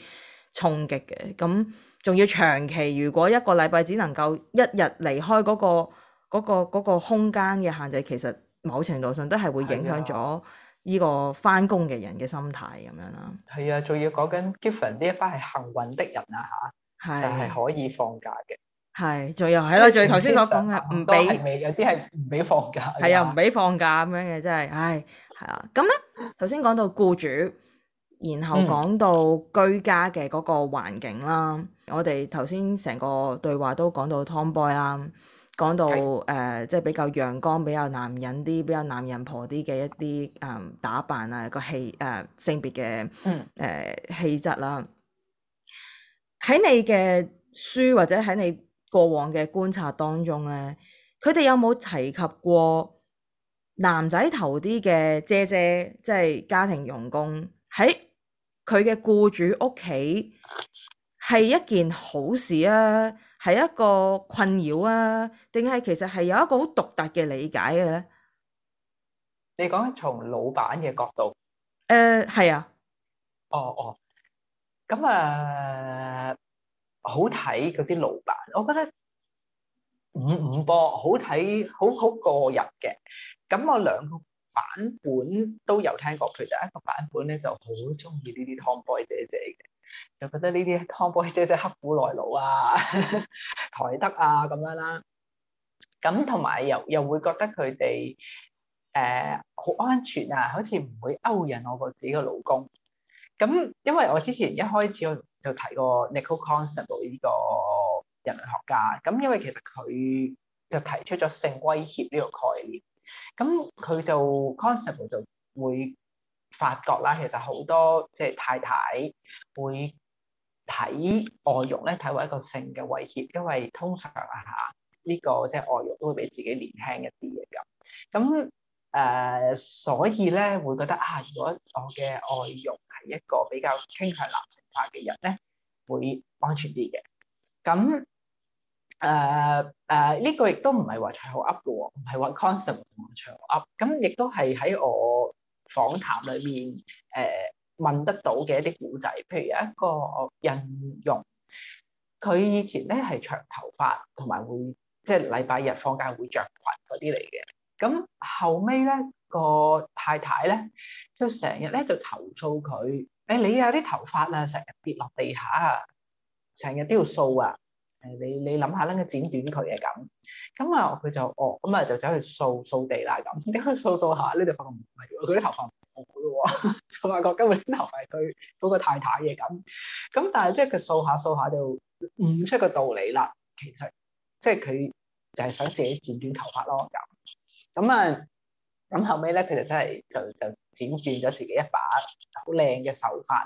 衝擊嘅。咁仲要長期，如果一個禮拜只能夠一日離開嗰個嗰個嗰個空間嘅限制，其實某程度上都係會影響咗。呢個返工嘅人嘅心態咁樣啦，係啊，仲要講緊 Giffen 呢一班係幸運的人啊吓，啊就係可以放假嘅，係、啊，仲實允有係咯，仲頭先所講嘅唔俾，有啲係唔俾放假，係啊，唔俾放假咁樣嘅，真係，唉、哎，係啊，咁、嗯、咧，頭先講到雇主，然後講到居家嘅嗰個環境啦，嗯、我哋頭先成個對話都講到 Tomboy 啦。講到誒、呃，即係比較陽光、比較男人啲、比較男人婆啲嘅一啲誒、嗯、打扮啊，個氣誒、呃、性別嘅誒、呃、氣質啦。喺、嗯、你嘅書或者喺你過往嘅觀察當中咧，佢哋有冇提及過男仔頭啲嘅姐姐，即、就、係、是、家庭傭工喺佢嘅僱主屋企係一件好事啊，係一個困擾啊，定係其實係有一個好獨特嘅理解嘅，啊、咧？你講從老闆嘅角度，誒係、呃、啊，哦哦，咁、哦、啊、呃，好睇嗰啲老闆，我覺得五五波好睇，好好，好過癮嘅。咁我兩個版本都有聽過，其實一個版本咧就好中意呢啲 Tomboy 姐姐嘅。又覺得呢啲 tomboy 姐即係刻苦耐勞啊， 台德啊咁樣啦，咁同埋又又會覺得佢哋誒好安全啊，好似唔會勾引我個自己個老公。咁因為我之前一開始我就提過 Nicole Constable 呢個人類學家，咁因為其實佢就提出咗性威脅呢個概念，咁佢就 Constable 就會。發覺啦，其實好多即係太太會睇外傭咧，睇為一個性嘅威脅，因為通常啊，呢、這個即係外傭都會比自己年輕一啲嘅咁。咁誒、呃，所以咧會覺得啊，如果我嘅外傭係一個比較傾向男性化嘅人咧，會安全啲嘅。咁誒誒，呢、呃呃這個亦都唔係話隨口噏嘅喎，唔係話 concept 同隨口噏，咁亦都係喺我。訪談裏面誒、呃、問得到嘅一啲古仔，譬如有一個人容，佢以前咧係長頭髮，同埋會即係禮拜日放假會着裙嗰啲嚟嘅。咁後尾咧個太太咧，就成日咧就投訴佢，誒、欸、你有啲頭髮啊，成日跌落地下啊，成日都要掃啊！誒、哦，你你諗下咧，剪短佢嘅。咁，咁啊佢就哦，咁啊就走去掃掃地啦咁，點去掃掃下，呢度發覺唔係，佢啲頭髮唔好嘅喎，就發覺根本啲頭髮係佢嗰個太太嘅。咁，咁但係即係佢掃下掃下就悟出個道理啦，其實即係佢就係想自己剪短頭髮咯咁，咁啊，咁後尾咧佢就真係就就剪短咗自己一把好靚嘅頭髮。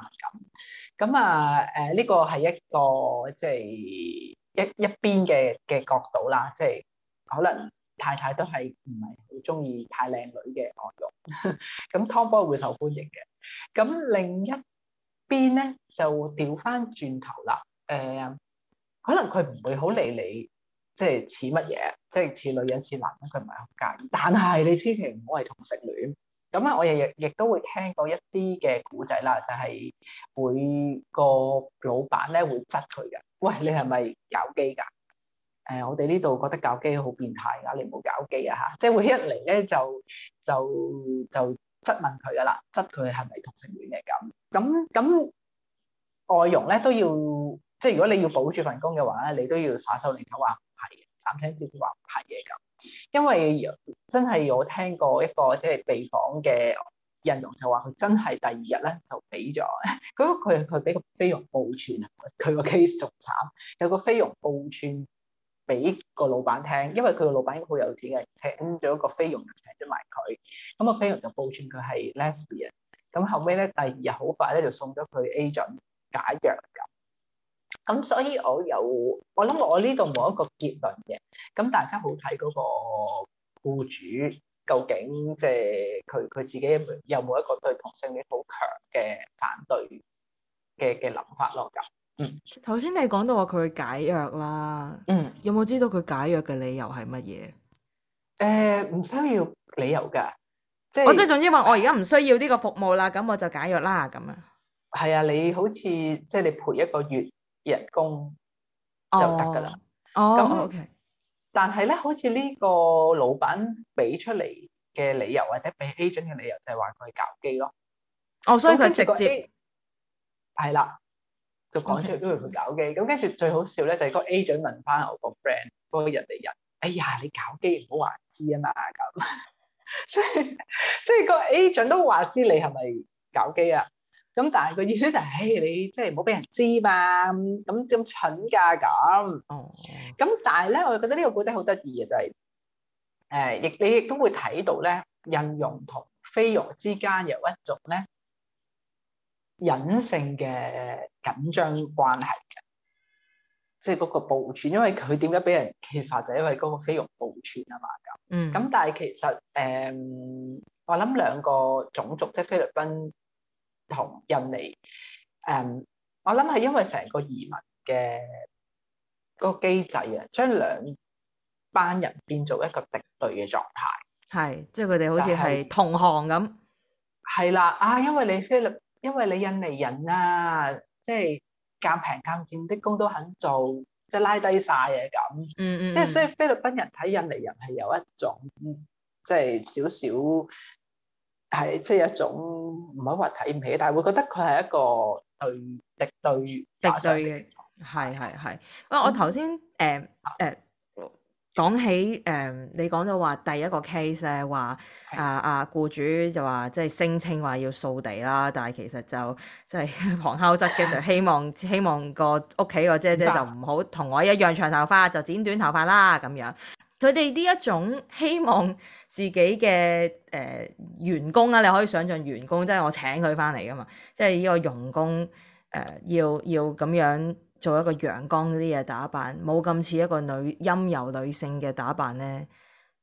咁，咁啊誒呢個係一個即係。一一邊嘅嘅角度啦，即係可能太太都係唔係好中意太靚女嘅外傭，咁湯波會受歡迎嘅。咁另一邊咧就掉返轉頭啦，誒、呃，可能佢唔會好理你，即係似乜嘢，即係似女人似男人，佢唔係好介意。但係你千祈唔好係同性戀。咁啊，我亦亦亦都會聽過一啲嘅古仔啦，就係、是、每個老闆咧會質佢嘅。喂，你係咪搞基㗎？誒、呃，我哋呢度覺得搞基好變態㗎，你唔好搞基啊！嚇，即係會一嚟咧就就就質問佢㗎喇，質佢係咪同性戀嘅，咁咁咁外傭咧，都要即係如果你要保住份工嘅話，你都要耍手擰頭話唔係，暫聽直接話唔係嘢咁，因為真係有聽過一個即係被訪嘅。印容就話佢真係第二日咧就俾咗，嗰佢佢俾個菲傭報串啊！佢個 case 仲慘，有個菲傭報串俾個老闆聽，因為佢個老闆應該好有錢嘅，請咗個菲傭就請咗埋佢，咁個菲傭就報串佢係 lesbian，咁後尾咧第二日好快咧就送咗佢 agent 解約㗎，咁、嗯、所以我有我諗我呢度冇一個結論嘅，咁、嗯、但係真係好睇嗰個僱主。究竟即係佢佢自己有冇一個對同性戀好強嘅反對嘅嘅諗法咯？咁嗯，頭先你講到話佢解約啦，嗯，有冇知道佢解約嘅理由係乜嘢？誒、呃，唔需要理由噶，即係我即係，總之話我而家唔需要呢個服務啦，咁我就解約啦，咁啊。係啊，你好似即係你賠一個月人工就得噶啦，哦，OK。我但係咧，好似呢個老闆俾出嚟嘅理由，或者俾 agent 嘅理由，就係話佢搞基咯。哦、oh, so，所以佢直接係啦，就講出嚟都會佢搞基。」咁 Okay. 跟住最好笑咧，就係個 agent 問翻我個 friend 嗰個人哋人，哎呀，你搞基唔好話知啊嘛咁。即係即係個 agent 都話知你係咪搞基啊？咁但係個意思就係、是，誒，你即係唔好俾人知嘛，咁咁蠢噶咁。哦、嗯。咁但係咧，我又覺得個故、就是呃、呢個古仔好得意嘅就係，誒，亦你亦都會睇到咧，印傭同菲傭之間有一種咧隱性嘅緊張關係嘅，即係嗰個暴傳，因為佢點解俾人揭發就係、是、因為嗰個菲傭暴傳啊嘛。咁。咁、嗯、但係其實，誒、嗯，我諗兩個種族即係菲律賓。同印尼，誒，我諗係因為成個移民嘅嗰個機制啊，將兩班人變做一個敵對嘅狀態。係，即係佢哋好似係同行咁。係啦，啊，因為你菲律，因為你印尼人啊，即係揀平揀賤的工都肯做，即係拉低曬嘢咁。嗯嗯。即係所以菲律賓人睇印尼人係有一種，即係少少。係，即係一種唔係話睇唔起，但係會覺得佢係一個對敵對敵對嘅。係係係。啊，嗯、我頭先誒誒講起誒、呃，你講到話第一個 case 咧，話啊啊僱主就話即係聲稱話要掃地啦，但係其實就即係旁敲側擊就希望 希望個屋企個姐姐就唔好同我一樣長頭髮，就剪短頭髮啦咁樣。佢哋呢一種希望自己嘅誒、呃、員工啊，你可以想象員工即係我請佢翻嚟噶嘛，即係呢個傭工誒、呃、要要咁樣做一個陽光啲嘢打扮，冇咁似一個女陰柔女性嘅打扮咧，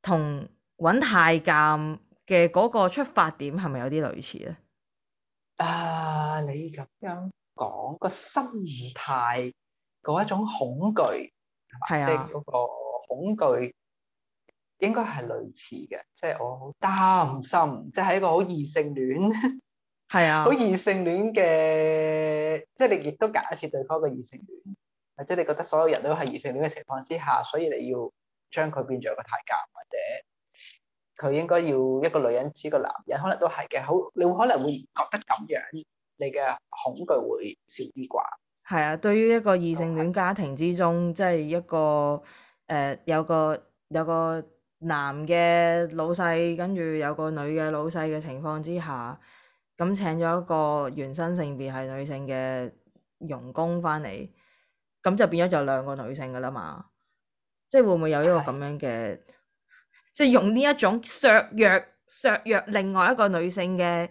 同揾太監嘅嗰個出發點係咪有啲類似咧？啊，你咁樣講個心態，嗰一種恐懼係啊，即係嗰個恐懼。應該係類似嘅，即係我好擔心，即係一個好異性戀，係 啊，好異性戀嘅，即係你亦都假設對方嘅異性戀，或者你覺得所有人都係異性戀嘅情況之下，所以你要將佢變做一個太監，或者佢應該要一個女人似個男人，可能都係嘅。好，你會可能會覺得咁樣，你嘅恐懼會少啲啩？係啊，對於一個異性戀家庭之中，啊，即係一個誒、呃，有個有個，有個男嘅老細，跟住有個女嘅老細嘅情況之下，咁請咗一個原生性別係女性嘅傭工翻嚟，咁就變咗就兩個女性噶啦嘛，即係會唔會有一個咁樣嘅的即係用呢一種削弱削弱另外一個女性嘅誒、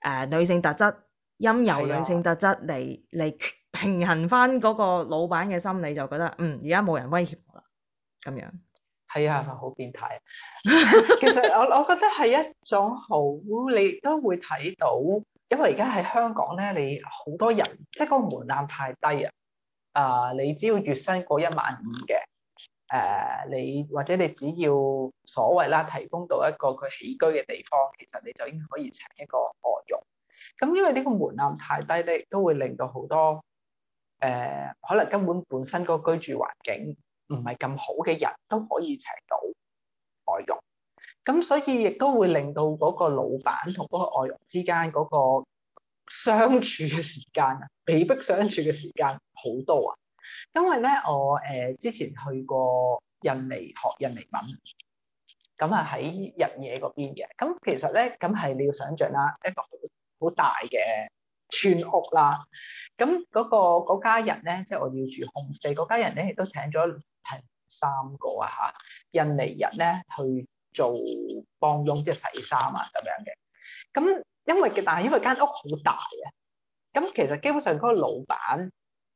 呃、女性特質，陰柔女性特質嚟嚟平衡翻嗰個老闆嘅心理，就覺得嗯，而家冇人威脅我啦，咁樣。係啊，係咪好變態？ 其實我我覺得係一種好，你都會睇到，因為而家喺香港咧，你好多人即係個門檻太低啊！啊、呃，你只要月薪過一萬五嘅，誒、呃，你或者你只要所謂啦，提供到一個佢起居嘅地方，其實你就已該已經可以請一個外傭。咁因為呢個門檻太低咧，都會令到好多誒、呃，可能根本本身個居住環境。唔係咁好嘅人都可以請到外傭，咁所以亦都會令到嗰個老闆同嗰個外傭之間嗰個相處嘅時間啊，被迫相處嘅時間好多啊，因為咧我誒、呃、之前去過印尼學印尼文，咁啊喺日惹嗰邊嘅，咁其實咧咁係你要想像啦，一個好好大嘅。村屋啦，咁嗰、那個嗰家人咧，即係我要住空地，嗰家人咧亦都請咗平三個啊印尼人咧去做幫傭，即係洗衫啊咁樣嘅。咁因為但係因為間屋好大嘅，咁其實基本上嗰個老闆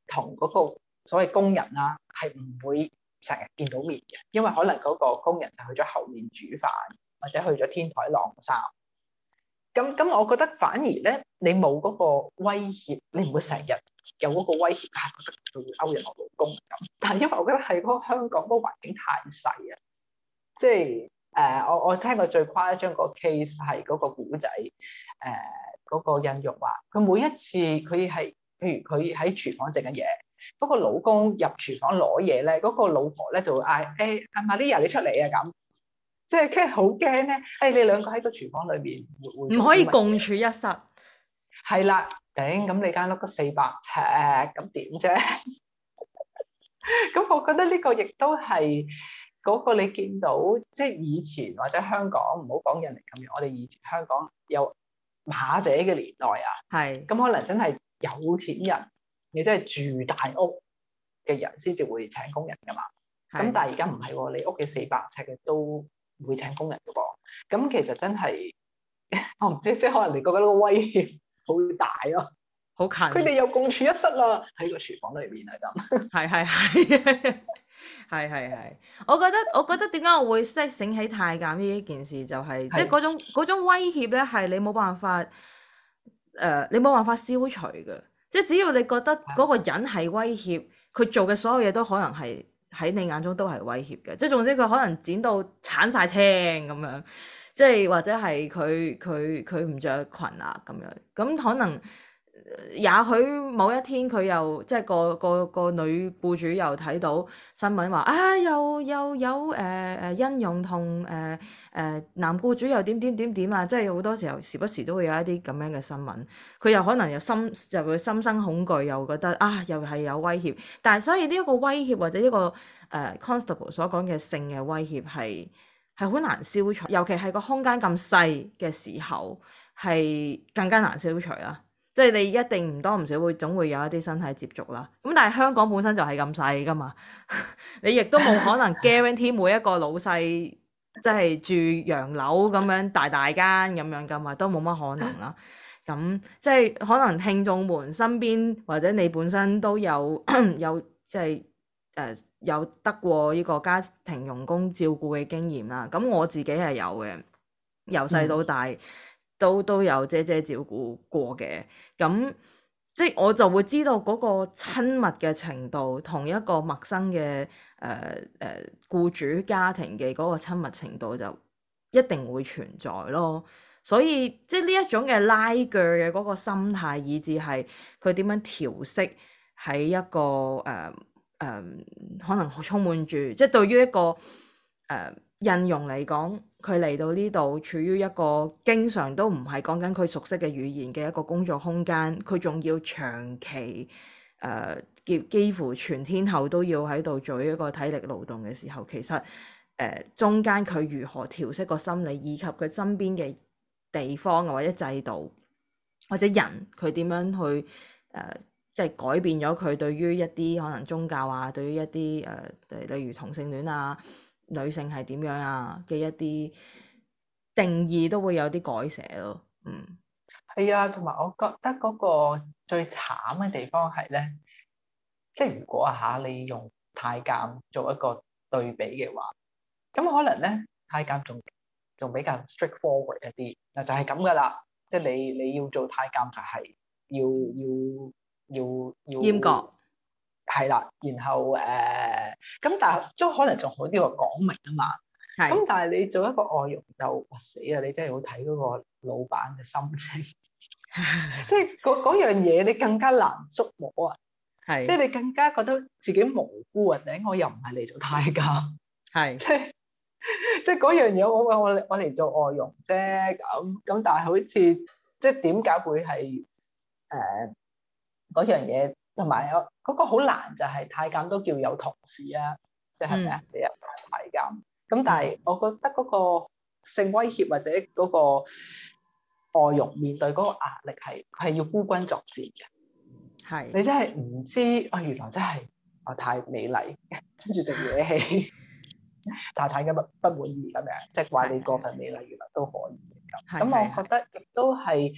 同嗰個所謂工人啦、啊，係唔會成日見到面嘅，因為可能嗰個工人就去咗後面煮飯，或者去咗天台晾衫。咁咁，我覺得反而咧，你冇嗰個威脅，你唔會成日有嗰個威脅，啊、覺得佢會勾引我老公咁。但係因為我覺得係香港嗰個環境太細啊，即係誒、呃，我我聽過最誇張個 case 係嗰個古仔，誒、呃、嗰、嗰個印傭話，佢每一次佢係譬如佢喺廚房整緊嘢，嗰、嗰個老公入廚房攞嘢咧，嗰、嗰個老婆咧就會嗌誒 Maria，你出嚟啊咁。即係佢好驚咧！誒、哎，你兩個喺個廚房裏邊，唔可以共處一室。係啦，頂咁你間屋都四百尺，咁點啫？咁、 嗯、我覺得呢個亦都係嗰個你見到，即係以前或者香港，唔好講印尼咁樣，我哋以前香港有馬姐嘅年代啊，係咁是可能真係有錢人，你真係住大屋嘅人先至會請工人噶嘛。咁是但係而家唔係喎，你屋企四百尺都～會請工人嘅噃，咁其實真係，我唔知即係可能你覺得呢個威脅好大咯，好近，佢哋有共處一室啊，喺個廚房裏面係咁，係係係係係係，我覺得我覺得點解我會即係醒起太監呢一件事，就係即係嗰種嗰種威脅咧，係你冇辦法，誒，你冇辦法消除嘅，即係只要你覺得嗰個人係威脅，佢做嘅所有嘢都可能係。喺你眼中都係威脅嘅，即係總之佢可能剪到鏟晒青咁樣，即係或者係佢佢佢唔着裙啊咁樣，咁可能。也許某一天佢又即係個個個女僱主又睇到新聞話啊，又又有誒誒印傭同誒誒男僱主又點點點點啊，即係好多時候時不時都會有一啲咁樣嘅新聞，佢又可能又心就會心生恐懼，又覺得啊又係有威脅，但係所以呢一個威脅或者呢、呢個誒、呃、Constable 所講嘅性嘅威脅係係好難消除，尤其係個空間咁細嘅時候係更加難消除啦。即係你一定唔多唔少會總會有一啲身體接觸啦。咁但係香港本身就係咁細㗎嘛， 你亦都冇可能 guarantee 每一個老細即係住洋樓咁樣大大間咁樣㗎嘛，都冇乜可能啦。咁 即係可能聽眾們身邊或者你本身都有 有即係誒有得過呢個家庭傭工照顧嘅經驗啦。咁我自己係有嘅，由細到大。嗯都都有姐姐照顧過嘅，咁即係我就會知道嗰個親密嘅程度，同一個陌生嘅誒誒僱主家庭嘅嗰個親密程度就一定會存在咯。所以即係呢一種嘅拉鋸嘅嗰個心態，以至係佢點樣調適喺一個誒誒、呃呃，可能好充滿住，即係對於一個誒印傭嚟講。呃佢嚟到呢度，處於一個經常都唔係講緊佢熟悉嘅語言嘅一個工作空間，佢仲要長期誒，結、呃、幾乎全天候都要喺度做一個體力勞動嘅時候，其實誒、呃、中間佢如何調適個心理，以及佢身邊嘅地方或者制度或者人，佢點樣去誒、呃，即係改變咗佢對於一啲可能宗教啊，對於一啲誒、呃、例如同性戀啊。女性係點樣啊嘅一啲定義都會有啲改寫咯，嗯，係啊，同埋我覺得嗰個最慘嘅地方係咧，即係如果啊嚇你用太監做一個對比嘅話，咁可能咧，太監仲仲比較 straightforward 一啲，嗱，就係咁噶啦，即係你你要做太監就係要要要要。要要要閹割。係啦，然後誒，咁、呃、但係都可能仲好啲話講明啊嘛，咁的但係你做一個外傭就，哇死啊！你真係好睇嗰個老闆嘅心情， 即係嗰嗰樣嘢你更加難捉摸啊，係的，即係你更加覺得自己無辜啊，頂，我又唔係嚟做太監，係的，即係即係嗰樣嘢我我我嚟做外傭啫，咁咁但係好似即係點解會係誒嗰樣嘢？同埋有嗰個好難就係太監都叫有同事啊，即係咩？你有太監咁，但係我覺得嗰個性威脅或者嗰個外傭面對嗰個壓力係係要孤軍作戰嘅。係你真係唔知啊，原來真係啊太美麗，跟住就惹氣，太太咁不滿意咁樣，即係話你過份美麗，原來都可以咁。咁我覺得亦都係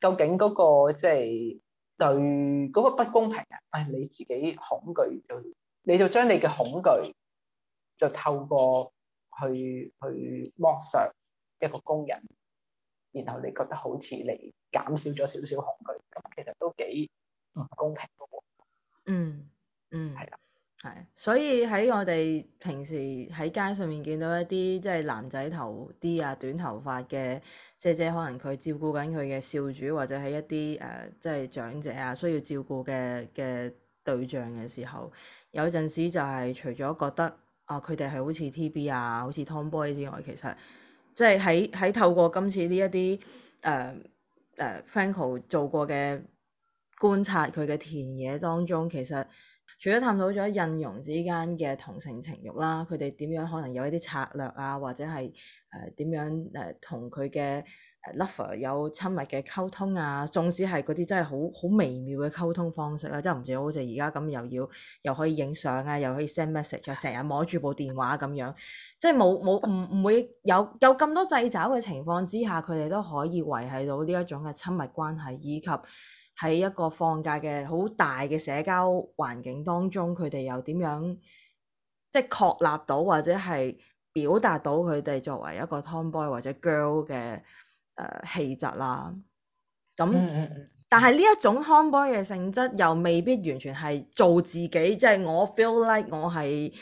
究竟嗰個即係。對嗰個不公平啊！誒、哎，你自己恐懼就你就將你嘅恐懼就透過去去剝削一個工人，然後你覺得好似你減少咗少少恐懼，咁其實都幾唔公平嘅喎。嗯嗯，係、嗯、啊。係，所以喺我哋平時喺街上面見到一啲即係男仔頭啲啊，短頭髮嘅姐姐，可能佢照顧緊佢嘅少主，或者係一啲誒、呃，即係長者啊，需要照顧嘅嘅對象嘅時候，有陣時就係除咗覺得啊，佢哋係好似 TB 啊，好似 Tomboy 之外，其實即係喺喺透過今次呢一啲誒、呃、誒、呃、Francisca 做過嘅觀察，佢嘅田野當中，其實。除咗探討咗印傭之間嘅同性情欲啦，佢哋點樣可能有一啲策略啊，或者係誒點樣誒同佢嘅 lover 有親密嘅溝通啊，縱使係嗰啲真係好好微妙嘅溝通方式啊，即係唔似好似而家咁又要又可以影相啊，又可以 send message，啊，成日摸住部電話咁樣，即係冇冇唔唔會有有咁多掣肘嘅情況之下，佢哋都可以維繫到呢一種嘅親密關係以及。喺一個放假嘅好大嘅社交環境當中，佢哋又點樣即係確立到或者係表達到佢哋作為一個 Tomboy 或者 Girl 嘅誒、呃、氣質啦。咁但係呢一種 Tomboy 嘅性質，又未必完全係做自己，即、就、係、是、我 feel like 我係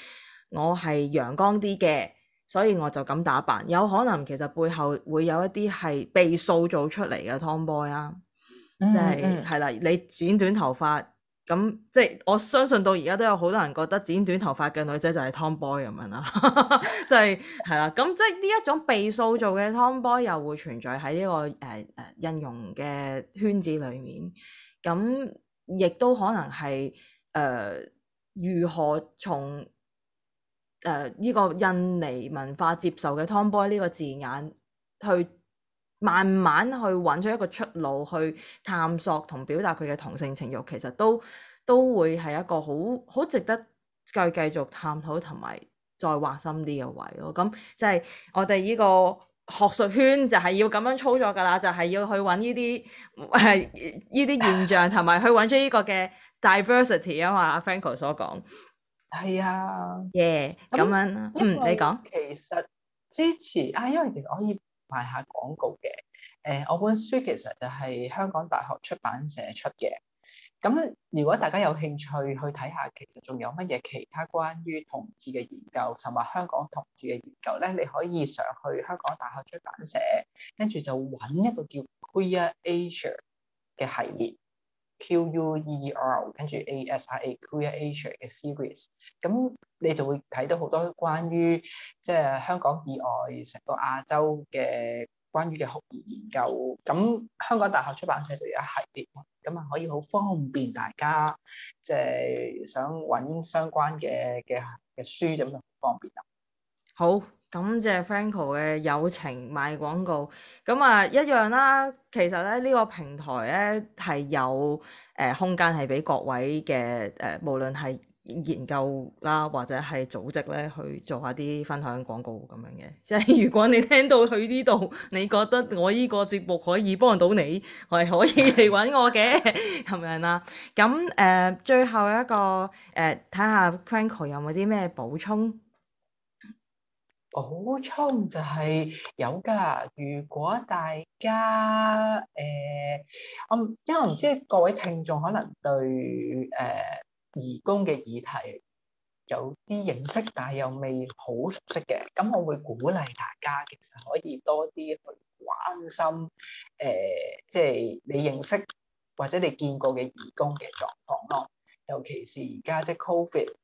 我係陽光啲嘅，所以我就咁打扮。有可能其實背後會有一啲係被塑造出嚟嘅 Tomboy 啦、啊。即係係啦，你剪短頭髮咁，即係、就是、我相信到而家都有好多人覺得剪短頭髮嘅女仔就係 Tomboy 咁樣啦、 就是，即係係啦，咁即係呢一種被塑造嘅 Tomboy 又會存在喺呢、這個誒誒印傭嘅圈子裏面，咁亦都可能係誒、呃、如何從誒呢個印尼文化接受嘅 Tomboy 呢個字眼去。慢慢去揾出一個出路，去探索同表達佢嘅同性情慾，其實都都會係一個好好值得繼繼續探討同埋再挖深啲嘅位咯。咁即係我哋呢個學術圈就係要咁樣操作㗎啦，就係、是、要去揾呢啲呢啲現象，同埋去揾出呢個嘅 diversity 啊嘛。Franko 所講係啊耶，e 咁樣，那因為 嗯，你講其實支持啊，因為其實可以。賣下廣告嘅，誒、呃，我本書其實就係香港大學出版社出嘅。咁如果大家有興趣去睇下，其實仲有乜嘢其他關於同志嘅研究，甚或香港同志嘅研究咧？你可以上去香港大學出版社，跟住就搵一個叫 Queer Asia 嘅系列。Q U E R 跟住 A S I A Queer Asia 嘅 series，咁你就會睇到好多關於即係香港以外成個亞洲嘅關於嘅學業研究。咁香港大學出版社就有一系列，咁啊可以好方便大家即係、就是、想揾相關嘅嘅嘅書，咁樣好方便啊！好。感謝 Franko 嘅友情賣廣告，咁啊一樣啦。其實咧呢、呢個平台咧係有誒、呃、空間係俾各位嘅誒、呃，無論係研究啦或者係組織咧去做下啲分享廣告咁樣嘅。即係如果你聽到佢呢度，你覺得我呢個節目可以幫到你，我係可以嚟搵我嘅咁 樣啦。咁誒、呃、最後一個誒睇、呃、下 Franko 有冇啲咩補充？補充就係有㗎。如果大家誒，我、呃、因為唔知各位聽眾可能對誒移、呃、工嘅議題有啲認識，但係又未好熟悉嘅，咁我會鼓勵大家其實可以多啲去關心誒，即、呃、係、就是、你認識或者你見過嘅移工嘅狀況囉。尤其是而家即係 Covid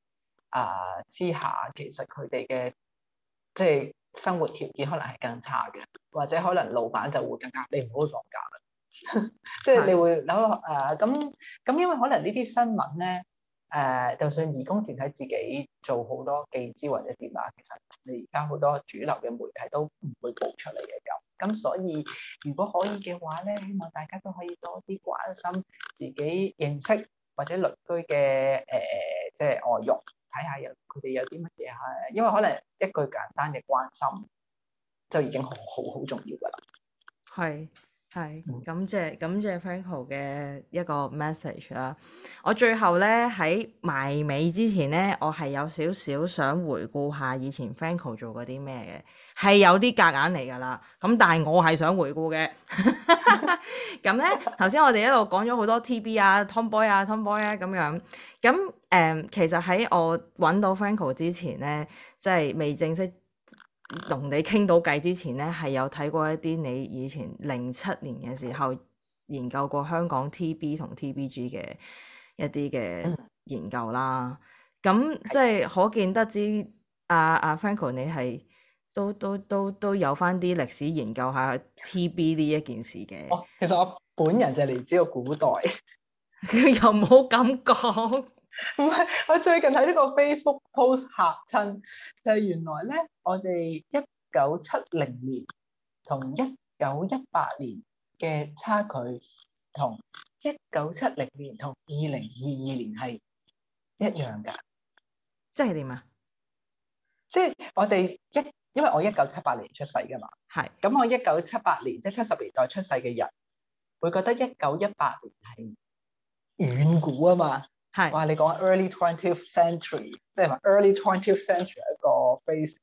啊、呃、之下，其實佢哋嘅即係生活條件可能係更差嘅，或者可能老闆就會更加你唔好放假啦。 即係你會諗誒咁咁，因為可能呢啲新聞咧誒、呃，就算義工團體自己做好多寄資或者電話，其實你而家好多主流嘅媒體都唔會報出嚟嘅咁。咁所以如果可以嘅話咧，希望大家都可以多啲關心自己認識或者鄰居嘅誒、呃，即係外傭。睇下有佢哋有啲乜嘢係，因為可能一句簡單嘅關心，就已經好好好重要㗎喇。係。係，感謝感謝 Francisca 嘅一個 message 啦、啊。我最後咧喺埋尾之前咧，我係有少少想回顧下以前 Francisca 做過啲咩嘅，係有啲格硬嚟㗎喇。咁但係我係想回顧嘅。咁咧頭先我哋一路講咗好多 TB 啊、Tomboy 啊、Tomboy 啊咁樣。咁誒、嗯，其實喺我揾到 Francisca 之前咧，即係未正式，同你傾到偈之前呢，係有睇過一啲你以前零七年嘅時候研究過香港 TB 同 TBG 嘅一啲嘅研究啦。咁、嗯、即係可見得知、啊，阿阿 Franko 你係都都都都有翻啲歷史研究下 TB 呢一件事嘅、哦。其實我本人就嚟自個古代。 又冇噉講。唔係，我最近喺呢個 Facebook post 吓親，就係原來咧，我哋一九七零年同一九一八年嘅差距，同一九七零年同二零二二年係一樣噶。即係點啊？即係我哋一，因為我一九七八年出世噶嘛，係，咁我一九七八年即係七十年代出世嘅人，會覺得一九一八年係遠古啊嘛。係，是哇！你講 early twentieth century，即係話 early twentieth century 係一個 phase 嘅，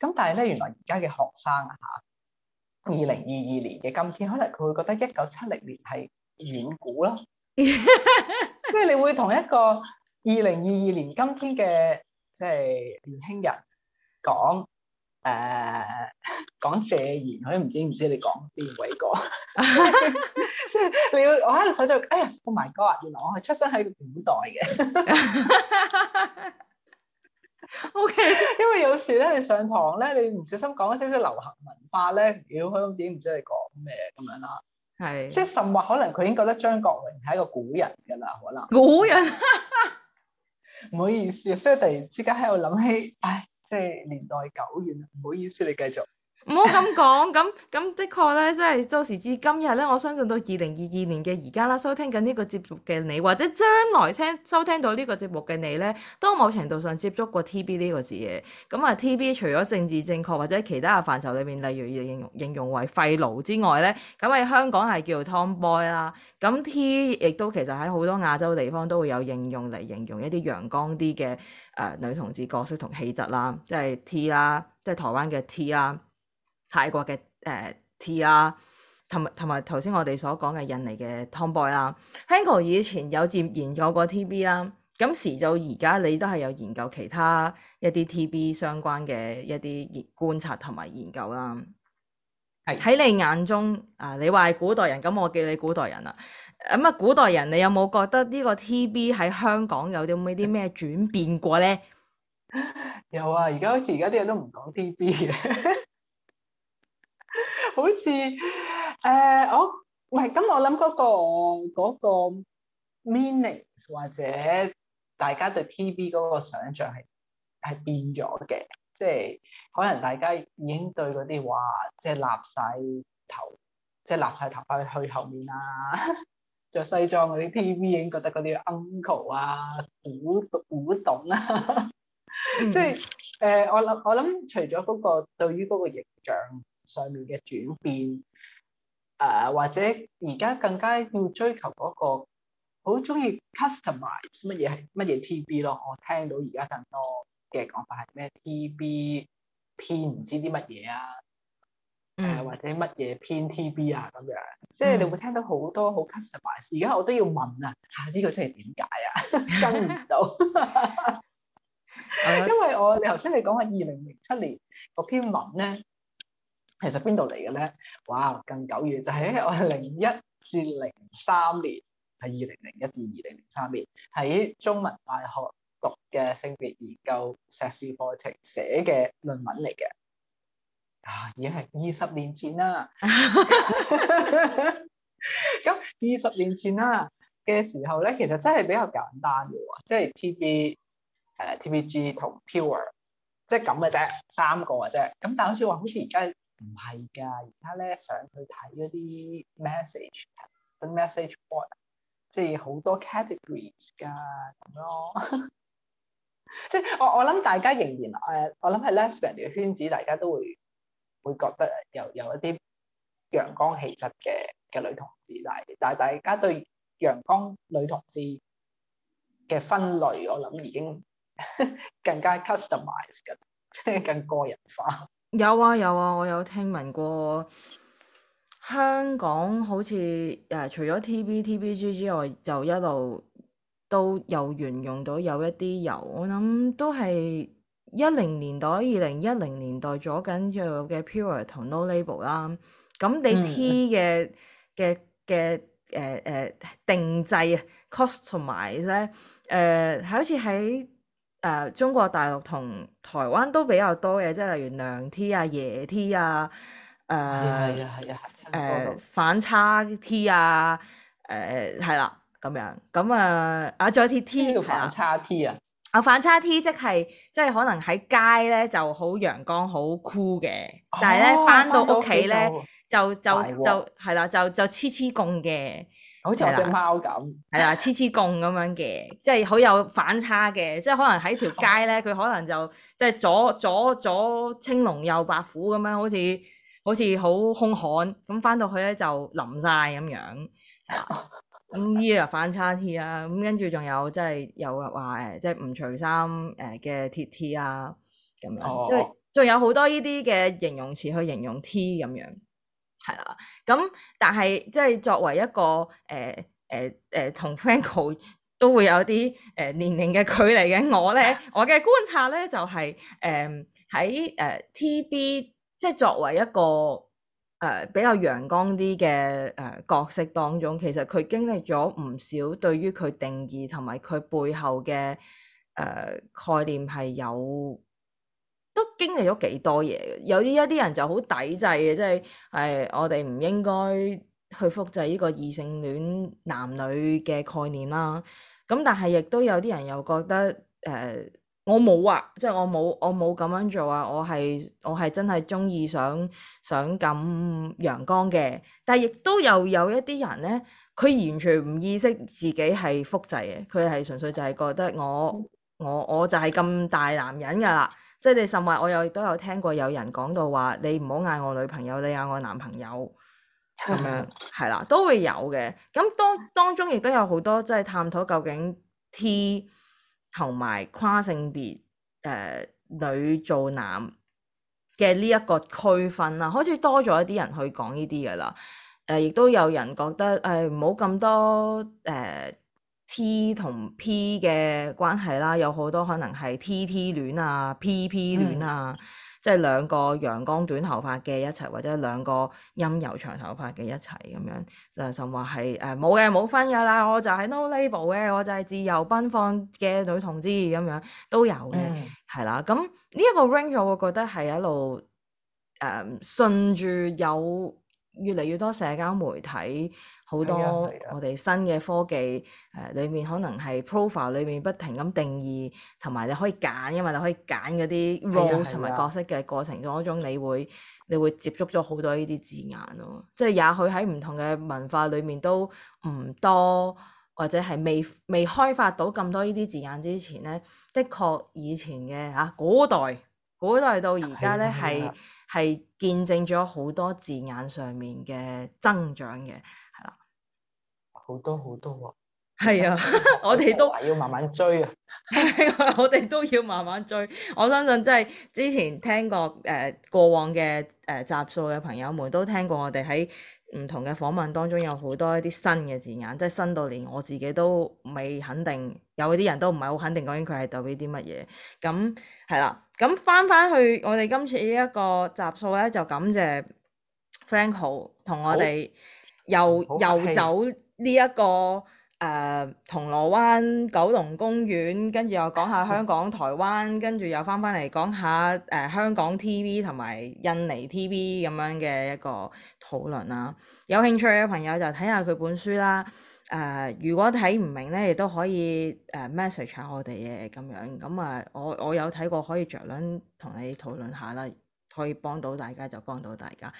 咁但係咧，原來而家嘅學生啊嚇，二零二二年嘅今天，可能佢會覺得一九七零年係遠古咯， 即係你會同一個二零二二年今天嘅即係年輕人講。誒，講謝賢，佢唔知唔知你講邊位歌，即係你要我喺度想咗，哎呀，Oh my God！原來我係出生喺古代嘅。OK，因為有時咧你上堂咧，你唔小心講一少少流行文化咧，佢都唔知你講咩咁樣啦？係是，即係甚或可能佢已經覺得張國榮係一個古人嘅啦，可能古人。唔 好意思，所以突然之間喺度諗起，唉。即係年代久遠，唔好意思，你繼續。唔好咁講，咁咁 的確呢，即係到時至今日呢，我相信到二零二二年嘅而家啦，收聽緊呢個節目嘅你，或者將來聽收聽到呢個節目嘅你呢，都某程度上接觸過 T B 呢個字嘅。咁啊，T B 除咗政治正確或者其他嘅範疇裏面，例如用形容為廢奴之外呢，咁喺香港係叫 Tomboy 啦。咁 T 亦都其實喺好多亞洲地方都會有應用嚟形容一啲陽光啲嘅誒女同志角色同氣質啦，即係 T 啦，即係台灣嘅 T 啦。泰國嘅誒 T 啦，同埋同埋頭先我哋所講嘅印尼嘅 Tomboy 啦、啊，香港以前有接研究過 TB 啦、啊，咁時就而家你都係有研究其他一啲 TB 相關嘅一啲觀察同埋研究啦。喺、啊、喺是你眼中啊，你話係古代人，咁我叫你古代人啦。咁啊，古代人你有冇覺得呢個 TB 喺香港有啲咩啲咩轉變過呢？ 有啊，而家好似而家啲人都唔講 TB 嘅。 好似誒我唔係咁，我諗嗰、那個嗰、那個 meaning 或者大家對 TV 嗰個想像係係變咗嘅，即係可能大家已經對嗰啲話即係立晒頭，即係立晒頭髮去後面啊，着西裝嗰啲 TV 已經覺得嗰啲 uncle 啊古古董啊，嗯、 即係誒、呃、我諗我諗除咗嗰、那個對於嗰個形象。上面嘅轉變，誒、呃、或者而家更加要追求嗰個好中意 customize 乜嘢乜嘢 TB 咯，我聽到而家更多嘅講法係咩 TB 偏唔知啲乜嘢啊，誒、呃、或者乜嘢偏 TB 啊咁樣，嗯、即係你會聽到好多好 customize 而家我都要問啊，呢、個真係點解啊？ 跟唔不到， 因為我你頭先你講下二零零七年個篇文咧。其實邊度嚟嘅咧？哇！更久遠就係我零一至零三年，係二零零一至二零零三年，喺中文大學讀嘅性別研究碩士課程寫嘅論文嚟嘅。啊，已經係二十年前啦。咁二十年前啦嘅時候咧，其實真係比較簡單嘅喎，即係 T B 誒 T B G 同 pure，即係咁嘅啫，三個嘅啫。咁但係好似話，好似而家。唔係㗎，而家咧上去睇一啲 message、message board，即係好多 categories 噶，咁咯。 即係我我諗大家仍然誒我諗係 Lesbian 嘅圈子，大家都會會覺得有有一啲陽光氣質嘅嘅女同志。但係但係大家對陽光女同志嘅分類我諗已經更加 customized 嘅，即係更個人化。有啊有啊，我有聽聞過香港好似誒、啊，除咗 T B T B G 之外，就一路都有沿用到有一啲油。我諗都係一零年代、二零一零年代咗緊嘅 pure 同 no label 啦。咁你 T 嘅嘅嘅誒誒定製 customize、呃、好似喺誒、呃、中國大陸同台灣都比較多嘅，即係例如娘 T 啊、爺 T 啊、誒係啊係啊誒反差 T 啊，誒係啦咁樣咁啊啊再啲 T 啊反差 T 啊啊反差 T 即係即係可能喺街咧就好陽光好酷嘅，但係咧翻到屋企咧就就就係啦糕就就黐黐共嘅。好似有隻貓咁，係啦，黐黐共咁樣嘅，即係好有反差嘅，即係可能喺條街咧，佢可能就即係左左左青龍右白虎咁樣，樣，好似好似好兇悍咁，翻到去咧就淋晒咁樣。咁呢個反差 T 啊，咁跟住仲有即係有話誒，即係唔除衫誒嘅鐵 T 啊，咁樣，即係仲有好多呢啲嘅形容詞去形容 T 咁樣。係啦，咁、嗯、但係即係作為一個誒誒、呃、誒同、呃、Franko、呃、都會有啲誒、呃、年齡嘅距離嘅我咧， 我嘅觀察咧就係誒喺誒 TB 即係作為一個誒、呃、比較陽光啲嘅誒角色當中，其實佢經歷咗唔少對於佢定義同埋佢背後嘅誒、呃、概念係有。都經歷咗幾多嘢嘅，有依一啲人就好抵制嘅，即係誒，我哋唔應該去複製呢個異性戀男女嘅概念啦。咁但係亦都有啲人又覺得誒、呃，我冇啊，即係我冇，我冇咁樣做啊，我係我係真係中意想想咁陽光嘅。但係亦都又有一啲人咧，佢完全唔意識自己係複製嘅，佢係純粹就係覺得我我我就係咁大男人㗎啦。即係你，甚至我有都有聽過有人講到話，你唔好嗌我女朋友，你嗌我男朋友咁樣，係啦，都會有嘅。咁當當中亦都有好多即係探討究竟 T 同埋跨性別誒、呃、女做男嘅呢一個區分啦，好似多咗一啲人去講呢啲嘢啦。誒、呃，亦都有人覺得誒唔好咁多誒。呃 T 同 P 嘅關係啦，有好多可能係 T T 戀啊，P P 戀啊，戀啊 mm hmm. 即係兩個陽光短頭髮嘅一齊，或者兩個陰柔長頭髮嘅一齊咁樣。甚至話係誒冇嘅冇分噶啦，我就係 no label 嘅，我就係自由奔放嘅女同志咁樣都有嘅，係、mm hmm. 啦。咁呢一個 range 我覺得係一路誒順住有。越嚟越多社交媒體，好多我哋新嘅科技誒裏、呃、面，可能係 profile 裏面不停咁定義，同埋你可以揀，因為你可以揀嗰啲 role 同埋角色嘅過程當中的你，你會你會接觸咗好多呢啲字眼咯。即係也許喺唔同嘅文化裏面都唔多，或者係未未開發到咁多呢啲字眼之前咧，的確以前嘅嚇、啊、古代，古代到而家咧係。的係見證咗好多字眼上面嘅增長嘅，係啦，好多好多喎。係啊，我哋都我要慢慢追啊！ 啊我哋都要慢慢追。我相信即係之前聽過誒過往嘅誒集數嘅朋友們都聽過我哋喺唔同嘅訪問當中有好多一啲新嘅字眼，即係新到連我自己都未肯定，有啲人都唔係好肯定究竟佢係代表啲乜嘢。咁係啦，咁翻翻去我哋今次呢一個集數咧，就感謝 Franko 同我哋又游走呢、這、一個。誒、uh, 銅鑼灣、九龍公園，跟住又講下香港 台灣，跟住又返返嚟講下誒、呃、香港 TV 同埋印尼 TV 咁樣嘅一個討論啦。有興趣嘅朋友就睇下佢本書啦。誒、呃，如果睇唔明咧，亦都可以誒 message、呃、下我哋嘅咁樣。咁啊，我我有睇過，可以着緊同你討論下啦，可以幫到大家就幫到大家。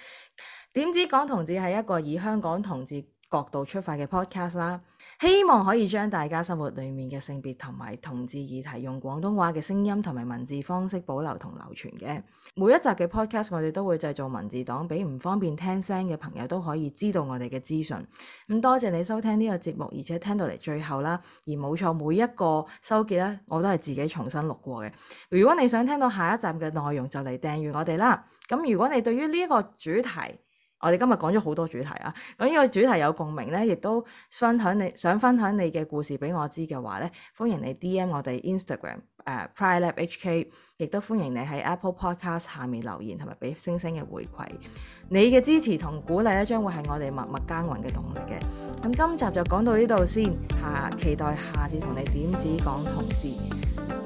點知港同志係一個以香港同志角度出發嘅 podcast 啦。希望可以將大家生活裡面嘅性別同埋同志議題，用廣東話嘅聲音同埋文字方式保留同流傳嘅。每一集嘅 podcast，我哋都會製造文字檔，俾唔方便聽聲嘅朋友都可以知道我哋嘅資訊。多謝你收聽呢個節目，而且聽到嚟最後啦，而冇錯，每一個收結我都係自己重新錄過嘅。如果你想聽到下一集嘅內容，就嚟訂閲我哋啦。咁如果你對於呢個主題，我哋今日講咗好多主題啊！咁呢個主題有共鳴呢，亦都分享你想分享你嘅故事俾我知嘅話呢，歡迎你 DM 我哋 Instagram 誒 Pride Lab HK，亦都歡迎你喺 Apple Podcast 下面留言同埋俾星星嘅回饋。你嘅支持同鼓勵咧，將會係我哋默默耕耘嘅動力嘅。咁今集就講到呢度先，下期待下次同你點止講同志。